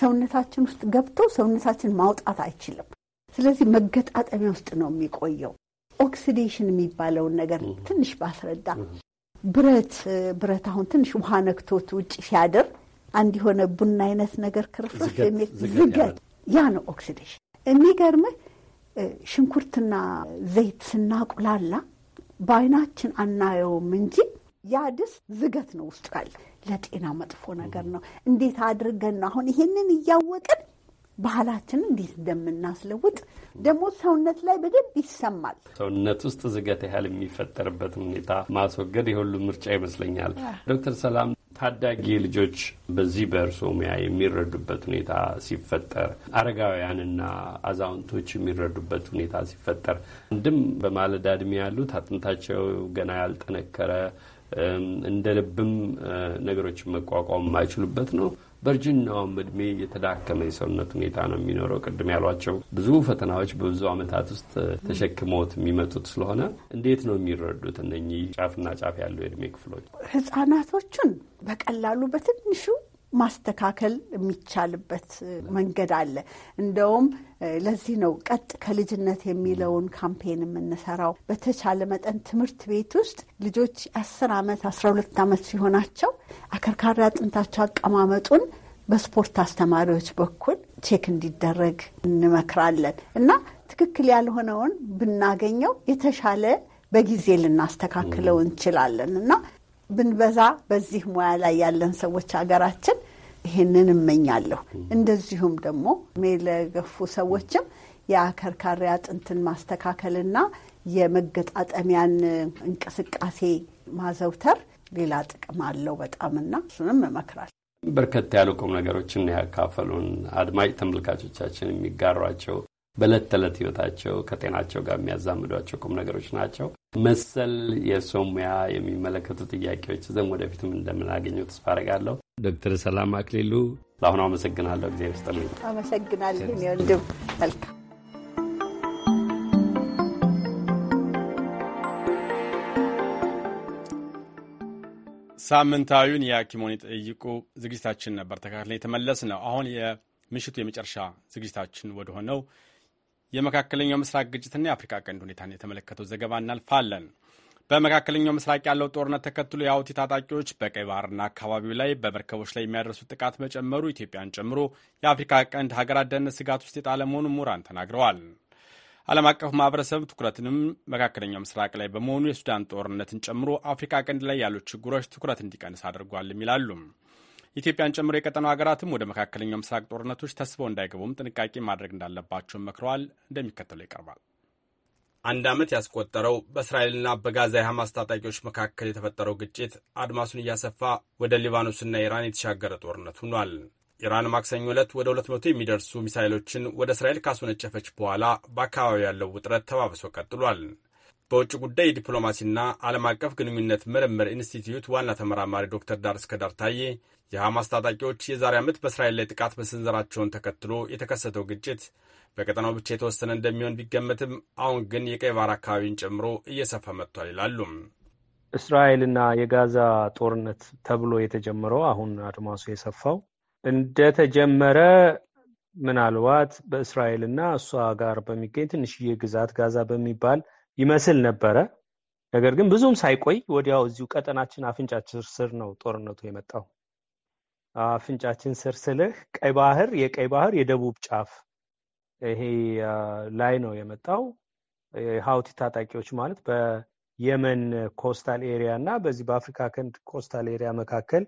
ሰውነታችን ውስጥ ገብቶ ሰውነታችን ማውጣት አይችልም። ስለዚህ መገጣጠሚያ ውስጥ ነው የሚቆየው። ኦክሲዴሽን የሚባለውን ነገር ትንሽ ባስረዳ፣ ብረት ብረት አሁን ትንሽ ውሃ ነክቶት ውጭ ሲያድር አንድ የሆነ ቡና አይነት ነገር ክርፍርፍ ዝገት፣ ያ ነው ኦክሲዴሽን። የሚገርምህ ሽንኩርትና ዘይት ስናቁላላ በአይናችን አናየውም እንጂ ያ ድስ ዝገት ነው ውስጥ ያለ። ለጤና መጥፎ ነገር ነው። እንዴት አድርገን አሁን ይሄንን እያወቅን ባህላችንን እንዴት እንደምናስለውጥ ደግሞ ሰውነት ላይ በደንብ ይሰማል። ሰውነት ውስጥ ዝገት ያህል የሚፈጠርበትን ሁኔታ ማስወገድ የሁሉም ምርጫ ይመስለኛል። ዶክተር ሰላም ታዳጊ ልጆች በዚህ በእርስዎ ሙያ የሚረዱበት ሁኔታ ሲፈጠር፣ አረጋውያንና አዛውንቶች የሚረዱበት ሁኔታ ሲፈጠር፣ አንድም በማለዳ ዕድሜ ያሉት አጥንታቸው ገና ያልጠነከረ እንደ ልብም ነገሮችን መቋቋም የማይችሉበት ነው። በእርጅናውም እድሜ የተዳከመ የሰውነት ሁኔታ ነው የሚኖረው። ቅድም ያሏቸው ብዙ ፈተናዎች በብዙ ዓመታት ውስጥ ተሸክመውት የሚመጡት ስለሆነ እንዴት ነው የሚረዱት? እነኚህ ጫፍና ጫፍ ያሉ የእድሜ ክፍሎች ህጻናቶቹን በቀላሉ በትንሹ ማስተካከል የሚቻልበት መንገድ አለ። እንደውም ለዚህ ነው ቀጥ ከልጅነት የሚለውን ካምፔን የምንሰራው። በተቻለ መጠን ትምህርት ቤት ውስጥ ልጆች አስር ዓመት አስራ ሁለት ዓመት ሲሆናቸው አከርካሪ አጥንታቸው አቀማመጡን በስፖርት አስተማሪዎች በኩል ቼክ እንዲደረግ እንመክራለን እና ትክክል ያልሆነውን ብናገኘው የተሻለ በጊዜ ልናስተካክለው እንችላለን እና ብንበዛ በዚህ ሙያ ላይ ያለን ሰዎች ሀገራችን ይህንን እመኛለሁ። እንደዚሁም ደግሞ እድሜ ለገፉ ሰዎችም የአከርካሪ አጥንትን ማስተካከልና የመገጣጠሚያን እንቅስቃሴ ማዘውተር ሌላ ጥቅም አለው በጣምና እሱንም እመክራለሁ። በርከት ያሉ ቁም ነገሮችን ያካፈሉን አድማጭ ተመልካቾቻችን የሚጋሯቸው በእለት ተዕለት ህይወታቸው ከጤናቸው ጋር የሚያዛምዷቸው ቁም ነገሮች ናቸው። መሰል የእርስዎ ሙያ የሚመለከቱ ጥያቄዎች ዘም ወደፊትም እንደምናገኘው ተስፋ አደርጋለሁ። ዶክተር ሰላም አክሊሉ ለአሁኑ አመሰግናለሁ። ጊዜ ይስጥልኝ። አመሰግናለሁ ወንድም መልካም ሳምንታዊውን የሐኪሞን ይጠይቁ ዝግጅታችን ነበር ተከታትለን የተመለስ ነው። አሁን የምሽቱ የመጨረሻ ዝግጅታችን ወደሆነው የመካከለኛው ምስራቅ ግጭትና የአፍሪካ ቀንድ ሁኔታን የተመለከተው ዘገባ እናልፋለን። በመካከለኛው ምስራቅ ያለው ጦርነት ተከትሎ የአውቲ ታጣቂዎች በቀይ ባህርና አካባቢው ላይ በመርከቦች ላይ የሚያደርሱት ጥቃት መጨመሩ ኢትዮጵያን ጨምሮ የአፍሪካ ቀንድ ሀገራት ደህንነት ስጋት ውስጥ የጣለ መሆኑን ምሁራን ተናግረዋል። ዓለም አቀፍ ማህበረሰብ ትኩረትንም መካከለኛው ምስራቅ ላይ በመሆኑ የሱዳን ጦርነትን ጨምሮ አፍሪካ ቀንድ ላይ ያሉ ችግሮች ትኩረት እንዲቀንስ አድርጓልም ይላሉ። ኢትዮጵያን ጨምሮ የቀጠኖ ሀገራትም ወደ መካከለኛው ምስራቅ ጦርነቶች ተስበው እንዳይገቡም ጥንቃቄ ማድረግ እንዳለባቸውን መክረዋል። እንደሚከተለው ይቀርባል። አንድ ዓመት ያስቆጠረው በእስራኤልና በጋዛ የሐማስ ታጣቂዎች መካከል የተፈጠረው ግጭት አድማሱን እያሰፋ ወደ ሊባኖስና ኢራን የተሻገረ ጦርነት ሆኗል። ኢራን ማክሰኞ ዕለት ወደ 200 የሚደርሱ ሚሳይሎችን ወደ እስራኤል ካስወነጨፈች በኋላ በአካባቢው ያለው ውጥረት ተባብሶ ቀጥሏል። በውጭ ጉዳይ የዲፕሎማሲና ዓለም አቀፍ ግንኙነት ምርምር ኢንስቲትዩት ዋና ተመራማሪ ዶክተር ዳርስከዳር ታዬ የሐማስ ታጣቂዎች የዛሬ ዓመት በእስራኤል ላይ ጥቃት መሰንዘራቸውን ተከትሎ የተከሰተው ግጭት በቀጠናው ብቻ የተወሰነ እንደሚሆን ቢገመትም አሁን ግን የቀይ ባህር አካባቢን ጨምሮ እየሰፋ መጥቷል ይላሉም። እስራኤልና የጋዛ ጦርነት ተብሎ የተጀመረው አሁን አድማሱ የሰፋው እንደተጀመረ ምናልባት በእስራኤልና እሷ ጋር በሚገኝ ትንሽዬ ግዛት ጋዛ በሚባል ይመስል ነበረ። ነገር ግን ብዙም ሳይቆይ ወዲያው እዚሁ ቀጠናችን አፍንጫችን ስር ነው ጦርነቱ የመጣው። አፍንጫችን ስር ስልህ ቀይ ባህር የቀይ ባህር የደቡብ ጫፍ ይሄ ላይ ነው የመጣው። የሀውቲ ታጣቂዎች ማለት በየመን ኮስታል ኤሪያ እና በዚህ በአፍሪካ ቀንድ ኮስታል ኤሪያ መካከል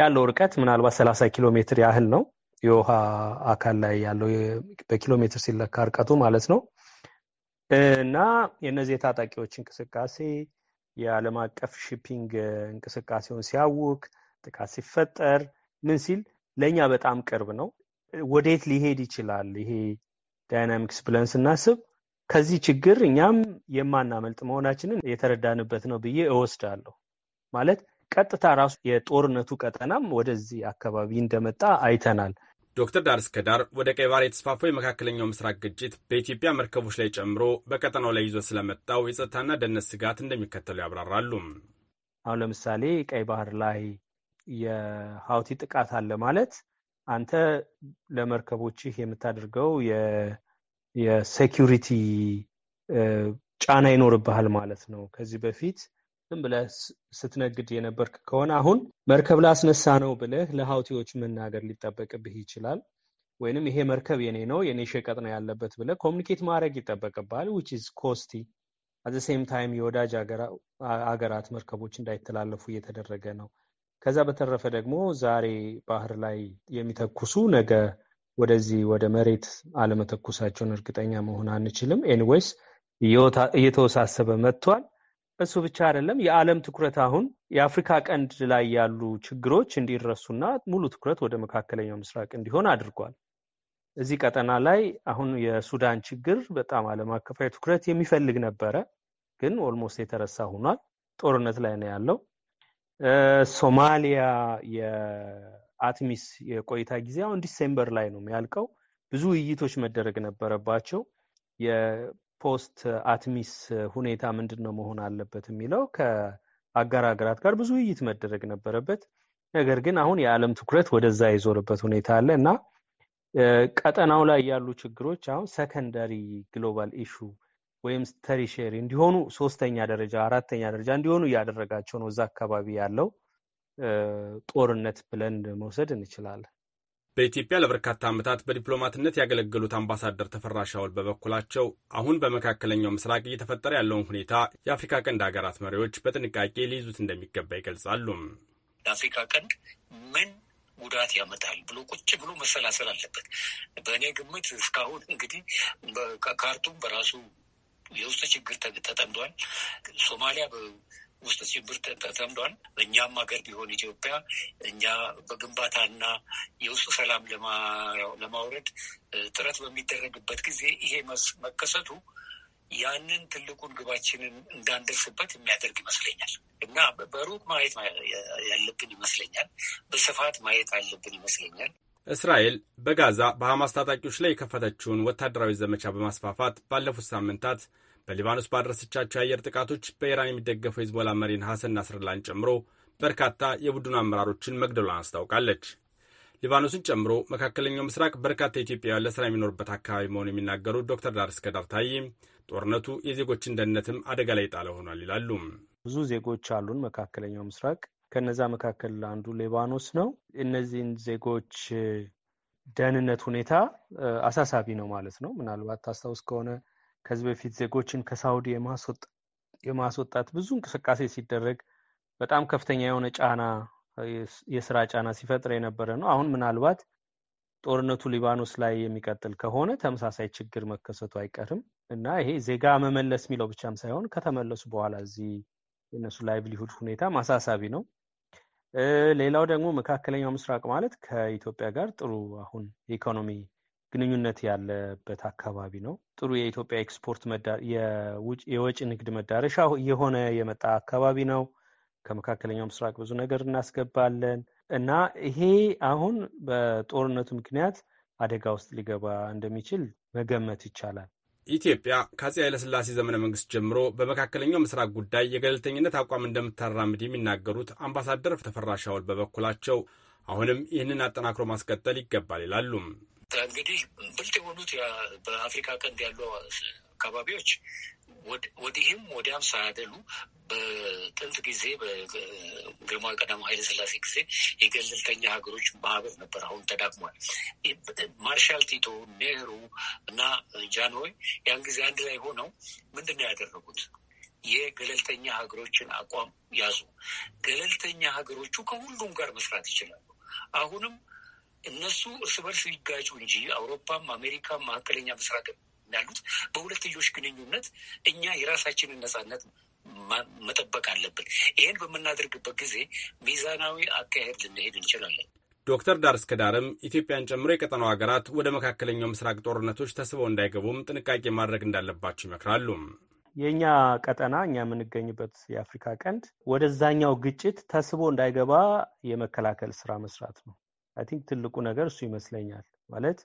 ያለው ርቀት ምናልባት ሰላሳ ኪሎ ሜትር ያህል ነው። የውሃ አካል ላይ ያለው በኪሎ ሜትር ሲለካ ርቀቱ ማለት ነው። እና የእነዚህ የታጣቂዎች እንቅስቃሴ የዓለም አቀፍ ሺፒንግ እንቅስቃሴውን ሲያውክ፣ ጥቃት ሲፈጠር ምን ሲል ለእኛ በጣም ቅርብ ነው። ወዴት ሊሄድ ይችላል ይሄ ዳይናሚክስ ብለን ስናስብ ከዚህ ችግር እኛም የማናመልጥ መሆናችንን የተረዳንበት ነው ብዬ እወስዳለሁ። ማለት ቀጥታ ራሱ የጦርነቱ ቀጠናም ወደዚህ አካባቢ እንደመጣ አይተናል። ዶክተር ዳር እስከ ዳር ወደ ቀይ ባህር የተስፋፋው የመካከለኛው ምስራቅ ግጭት በኢትዮጵያ መርከቦች ላይ ጨምሮ በቀጠናው ላይ ይዞ ስለመጣው የጸጥታና ደህንነት ስጋት እንደሚከተሉ ያብራራሉ። አሁን ለምሳሌ ቀይ ባህር ላይ የሀውቲ ጥቃት አለ ማለት አንተ ለመርከቦችህ የምታደርገው የሴኪሪቲ ጫና ይኖርብሃል ማለት ነው። ከዚህ በፊት ዝም ብለህ ስትነግድ የነበርክ ከሆነ አሁን መርከብ ላስነሳ ነው ብለህ ለሀውቲዎች መናገር ሊጠበቅብህ ይችላል። ወይንም ይሄ መርከብ የኔ ነው የኔ ሸቀጥ ነው ያለበት ብለህ ኮሚኒኬት ማድረግ ይጠበቅብሃል። ዊች ኢዝ ኮስቲ አት ሴም ታይም የወዳጅ አገራት መርከቦች እንዳይተላለፉ እየተደረገ ነው። ከዛ በተረፈ ደግሞ ዛሬ ባህር ላይ የሚተኩሱ ነገ ወደዚህ ወደ መሬት አለመተኩሳቸውን እርግጠኛ መሆን አንችልም። ኤኒዌይስ እየተወሳሰበ መጥቷል። እሱ ብቻ አይደለም። የዓለም ትኩረት አሁን የአፍሪካ ቀንድ ላይ ያሉ ችግሮች እንዲረሱና ሙሉ ትኩረት ወደ መካከለኛው ምስራቅ እንዲሆን አድርጓል። እዚህ ቀጠና ላይ አሁን የሱዳን ችግር በጣም ዓለም አቀፋዊ ትኩረት የሚፈልግ ነበረ፣ ግን ኦልሞስት የተረሳ ሆኗል። ጦርነት ላይ ነው ያለው። ሶማሊያ የአትሚስ የቆይታ ጊዜ አሁን ዲሴምበር ላይ ነው የሚያልቀው። ብዙ ውይይቶች መደረግ ነበረባቸው። ፖስት አትሚስ ሁኔታ ምንድን ነው መሆን አለበት የሚለው ከአጋር ሀገራት ጋር ብዙ ውይይት መደረግ ነበረበት። ነገር ግን አሁን የዓለም ትኩረት ወደዛ የዞረበት ሁኔታ አለ እና ቀጠናው ላይ ያሉ ችግሮች አሁን ሰከንዳሪ ግሎባል ኢሹ ወይም ተሪሼሪ እንዲሆኑ ሶስተኛ ደረጃ አራተኛ ደረጃ እንዲሆኑ እያደረጋቸው ነው እዛ አካባቢ ያለው ጦርነት ብለን መውሰድ እንችላለን። በኢትዮጵያ ለበርካታ ዓመታት በዲፕሎማትነት ያገለገሉት አምባሳደር ተፈራ ሻውል በበኩላቸው አሁን በመካከለኛው ምስራቅ እየተፈጠረ ያለውን ሁኔታ የአፍሪካ ቀንድ ሀገራት መሪዎች በጥንቃቄ ሊይዙት እንደሚገባ ይገልጻሉ። የአፍሪካ ቀንድ ምን ጉዳት ያመጣል ብሎ ቁጭ ብሎ መሰላሰል አለበት። በእኔ ግምት እስካሁን እንግዲህ ካርቱም በራሱ የውስጥ ችግር ተጠምዷል። ሶማሊያ ውስጥ ሽብር ተጠምዷል። እኛም ሀገር ቢሆን ኢትዮጵያ እኛ በግንባታና የውስጥ ሰላም ለማውረድ ጥረት በሚደረግበት ጊዜ ይሄ መከሰቱ ያንን ትልቁን ግባችንን እንዳንደርስበት የሚያደርግ ይመስለኛል እና በሩቅ ማየት ያለብን ይመስለኛል። በስፋት ማየት ያለብን ይመስለኛል። እስራኤል በጋዛ በሐማስ ታጣቂዎች ላይ የከፈተችውን ወታደራዊ ዘመቻ በማስፋፋት ባለፉት ሳምንታት በሊባኖስ ባደረሰቻቸው የአየር ጥቃቶች በኢራን የሚደገፈው ሂዝቦላ መሪን ሐሰን ናስርላን ጨምሮ በርካታ የቡድኑ አመራሮችን መግደሏን አስታውቃለች። ሊባኖስን ጨምሮ መካከለኛው ምስራቅ በርካታ ኢትዮጵያውያን ለስራ የሚኖርበት አካባቢ መሆኑ የሚናገሩት ዶክተር ዳርስ ከዳር ታዬ ጦርነቱ የዜጎችን ደህንነትም አደጋ ላይ ጣለ ሆኗል ይላሉ። ብዙ ዜጎች አሉን መካከለኛው ምስራቅ ከነዛ መካከል አንዱ ሊባኖስ ነው። እነዚህን ዜጎች ደህንነት ሁኔታ አሳሳቢ ነው ማለት ነው። ምናልባት ታስታውስ ከሆነ ከዚህ በፊት ዜጎችን ከሳውዲ የማስወጣት ብዙ እንቅስቃሴ ሲደረግ በጣም ከፍተኛ የሆነ ጫና የስራ ጫና ሲፈጥር የነበረ ነው። አሁን ምናልባት ጦርነቱ ሊባኖስ ላይ የሚቀጥል ከሆነ ተመሳሳይ ችግር መከሰቱ አይቀርም እና ይሄ ዜጋ መመለስ የሚለው ብቻም ሳይሆን ከተመለሱ በኋላ እዚህ የነሱ ላይቭሊሁድ ሁኔታ ማሳሳቢ ነው። ሌላው ደግሞ መካከለኛው ምስራቅ ማለት ከኢትዮጵያ ጋር ጥሩ አሁን የኢኮኖሚ ግንኙነት ያለበት አካባቢ ነው። ጥሩ የኢትዮጵያ ኤክስፖርት የወጪ ንግድ መዳረሻ የሆነ የመጣ አካባቢ ነው። ከመካከለኛው ምስራቅ ብዙ ነገር እናስገባለን እና ይሄ አሁን በጦርነቱ ምክንያት አደጋ ውስጥ ሊገባ እንደሚችል መገመት ይቻላል። ኢትዮጵያ ከአፄ ኃይለሥላሴ ዘመነ መንግስት ጀምሮ በመካከለኛው ምስራቅ ጉዳይ የገለልተኝነት አቋም እንደምታራምድ የሚናገሩት አምባሳደር ተፈራ ሻውል በበኩላቸው አሁንም ይህንን አጠናክሮ ማስቀጠል ይገባል ይላሉ። እንግዲህ ብልጥ የሆኑት በአፍሪካ ቀንድ ያሉ አካባቢዎች ወዲህም ወዲያም ሳያደሉ በጥንት ጊዜ በግርማዊ ቀዳማዊ ኃይለ ሥላሴ ጊዜ የገለልተኛ ሀገሮች ማህበር ነበር። አሁን ተዳክሟል። ማርሻል ቲቶ፣ ኔህሩ እና ጃንሆይ ያን ጊዜ አንድ ላይ ሆነው ምንድን ነው ያደረጉት? የገለልተኛ ሀገሮችን አቋም ያዙ። ገለልተኛ ሀገሮቹ ከሁሉም ጋር መስራት ይችላሉ። አሁንም እነሱ እርስ በርስ ይጋጩ እንጂ አውሮፓም አሜሪካም መካከለኛ ምስራቅ ያሉት በሁለትዮሽ ግንኙነት እኛ የራሳችንን ነጻነት መጠበቅ አለብን። ይህን በምናደርግበት ጊዜ ሚዛናዊ አካሄድ ልንሄድ እንችላለን። ዶክተር ዳር ከዳርም ኢትዮጵያን ጨምሮ የቀጠናው ሀገራት ወደ መካከለኛው ምስራቅ ጦርነቶች ተስበው እንዳይገቡም ጥንቃቄ ማድረግ እንዳለባቸው ይመክራሉ። የእኛ ቀጠና እኛ የምንገኝበት የአፍሪካ ቀንድ ወደዛኛው ግጭት ተስቦ እንዳይገባ የመከላከል ስራ መስራት ነው። አይ ቲንክ ትልቁ ነገር እሱ ይመስለኛል። ማለት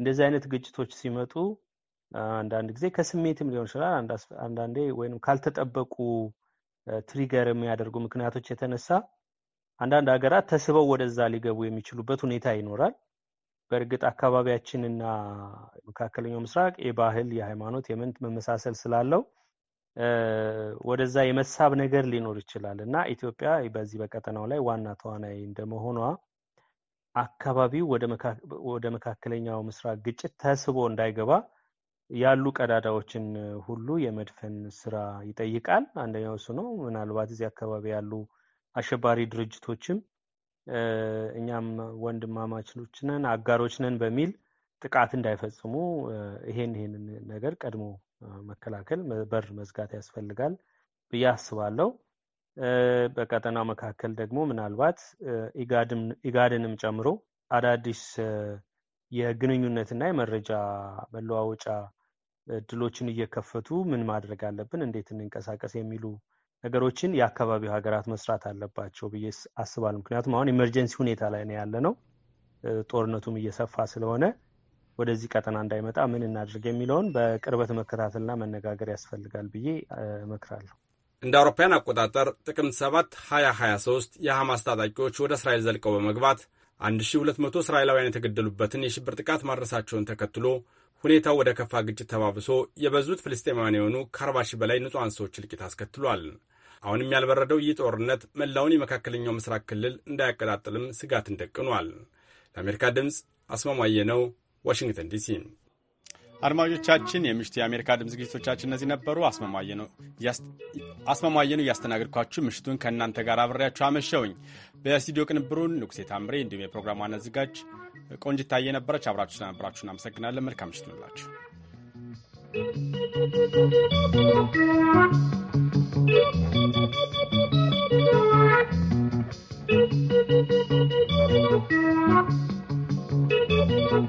እንደዚህ አይነት ግጭቶች ሲመጡ አንዳንድ ጊዜ ከስሜትም ሊሆን ይችላል፣ አንዳንዴ ወይም ካልተጠበቁ ትሪገር የሚያደርጉ ምክንያቶች የተነሳ አንዳንድ ሀገራት ተስበው ወደዛ ሊገቡ የሚችሉበት ሁኔታ ይኖራል። በእርግጥ አካባቢያችንና መካከለኛው ምስራቅ የባህል የሃይማኖት፣ የምንት መመሳሰል ስላለው ወደዛ የመሳብ ነገር ሊኖር ይችላል እና ኢትዮጵያ በዚህ በቀጠናው ላይ ዋና ተዋናይ እንደመሆኗ አካባቢው ወደ መካከለኛው ምስራቅ ግጭት ተስቦ እንዳይገባ ያሉ ቀዳዳዎችን ሁሉ የመድፈን ስራ ይጠይቃል። አንደኛው እሱ ነው። ምናልባት እዚህ አካባቢ ያሉ አሸባሪ ድርጅቶችም እኛም ወንድማማቾች ነን፣ አጋሮች ነን በሚል ጥቃት እንዳይፈጽሙ ይሄን ይሄንን ነገር ቀድሞ መከላከል በር መዝጋት ያስፈልጋል ብዬ አስባለሁ። በቀጠናው መካከል ደግሞ ምናልባት ኢጋድንም ጨምሮ አዳዲስ የግንኙነትና የመረጃ መለዋወጫ እድሎችን እየከፈቱ ምን ማድረግ አለብን፣ እንዴት እንንቀሳቀስ የሚሉ ነገሮችን የአካባቢው ሀገራት መስራት አለባቸው ብዬ አስባለሁ። ምክንያቱም አሁን ኤመርጀንሲ ሁኔታ ላይ ነው ያለ ነው። ጦርነቱም እየሰፋ ስለሆነ ወደዚህ ቀጠና እንዳይመጣ ምን እናድርግ የሚለውን በቅርበት መከታተልና መነጋገር ያስፈልጋል ብዬ እመክራለሁ። እንደ አውሮፓውያን አቆጣጠር ጥቅምት 7 2023 የሐማስ ታጣቂዎች ወደ እስራኤል ዘልቀው በመግባት 1200 እስራኤላውያን የተገደሉበትን የሽብር ጥቃት ማድረሳቸውን ተከትሎ ሁኔታው ወደ ከፋ ግጭት ተባብሶ የበዙት ፍልስጤማውያን የሆኑ ከ40 ሺህ በላይ ንጹሐን ሰዎች እልቂት አስከትሏል። አሁንም ያልበረደው ይህ ጦርነት መላውን የመካከለኛው ምስራቅ ክልል እንዳያቀጣጥልም ስጋትን ደቅኗል። ለአሜሪካ ድምፅ አስማማየ ነው፣ ዋሽንግተን ዲሲ አድማጮቻችን የምሽቱ የአሜሪካ ድምፅ ዝግጅቶቻችን እነዚህ ነበሩ። አስማማየ ነው እያስተናገድኳችሁ ምሽቱን ከእናንተ ጋር አብሬያችሁ አመሸውኝ። በስቱዲዮ ቅንብሩን ንጉሴ ታምሬ እንዲሁም የፕሮግራሙ ዋና አዘጋጅ ቆንጅት ነበረች። አብራችሁ ስለነበራችሁ እናመሰግናለን። መልካም ምሽት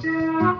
you.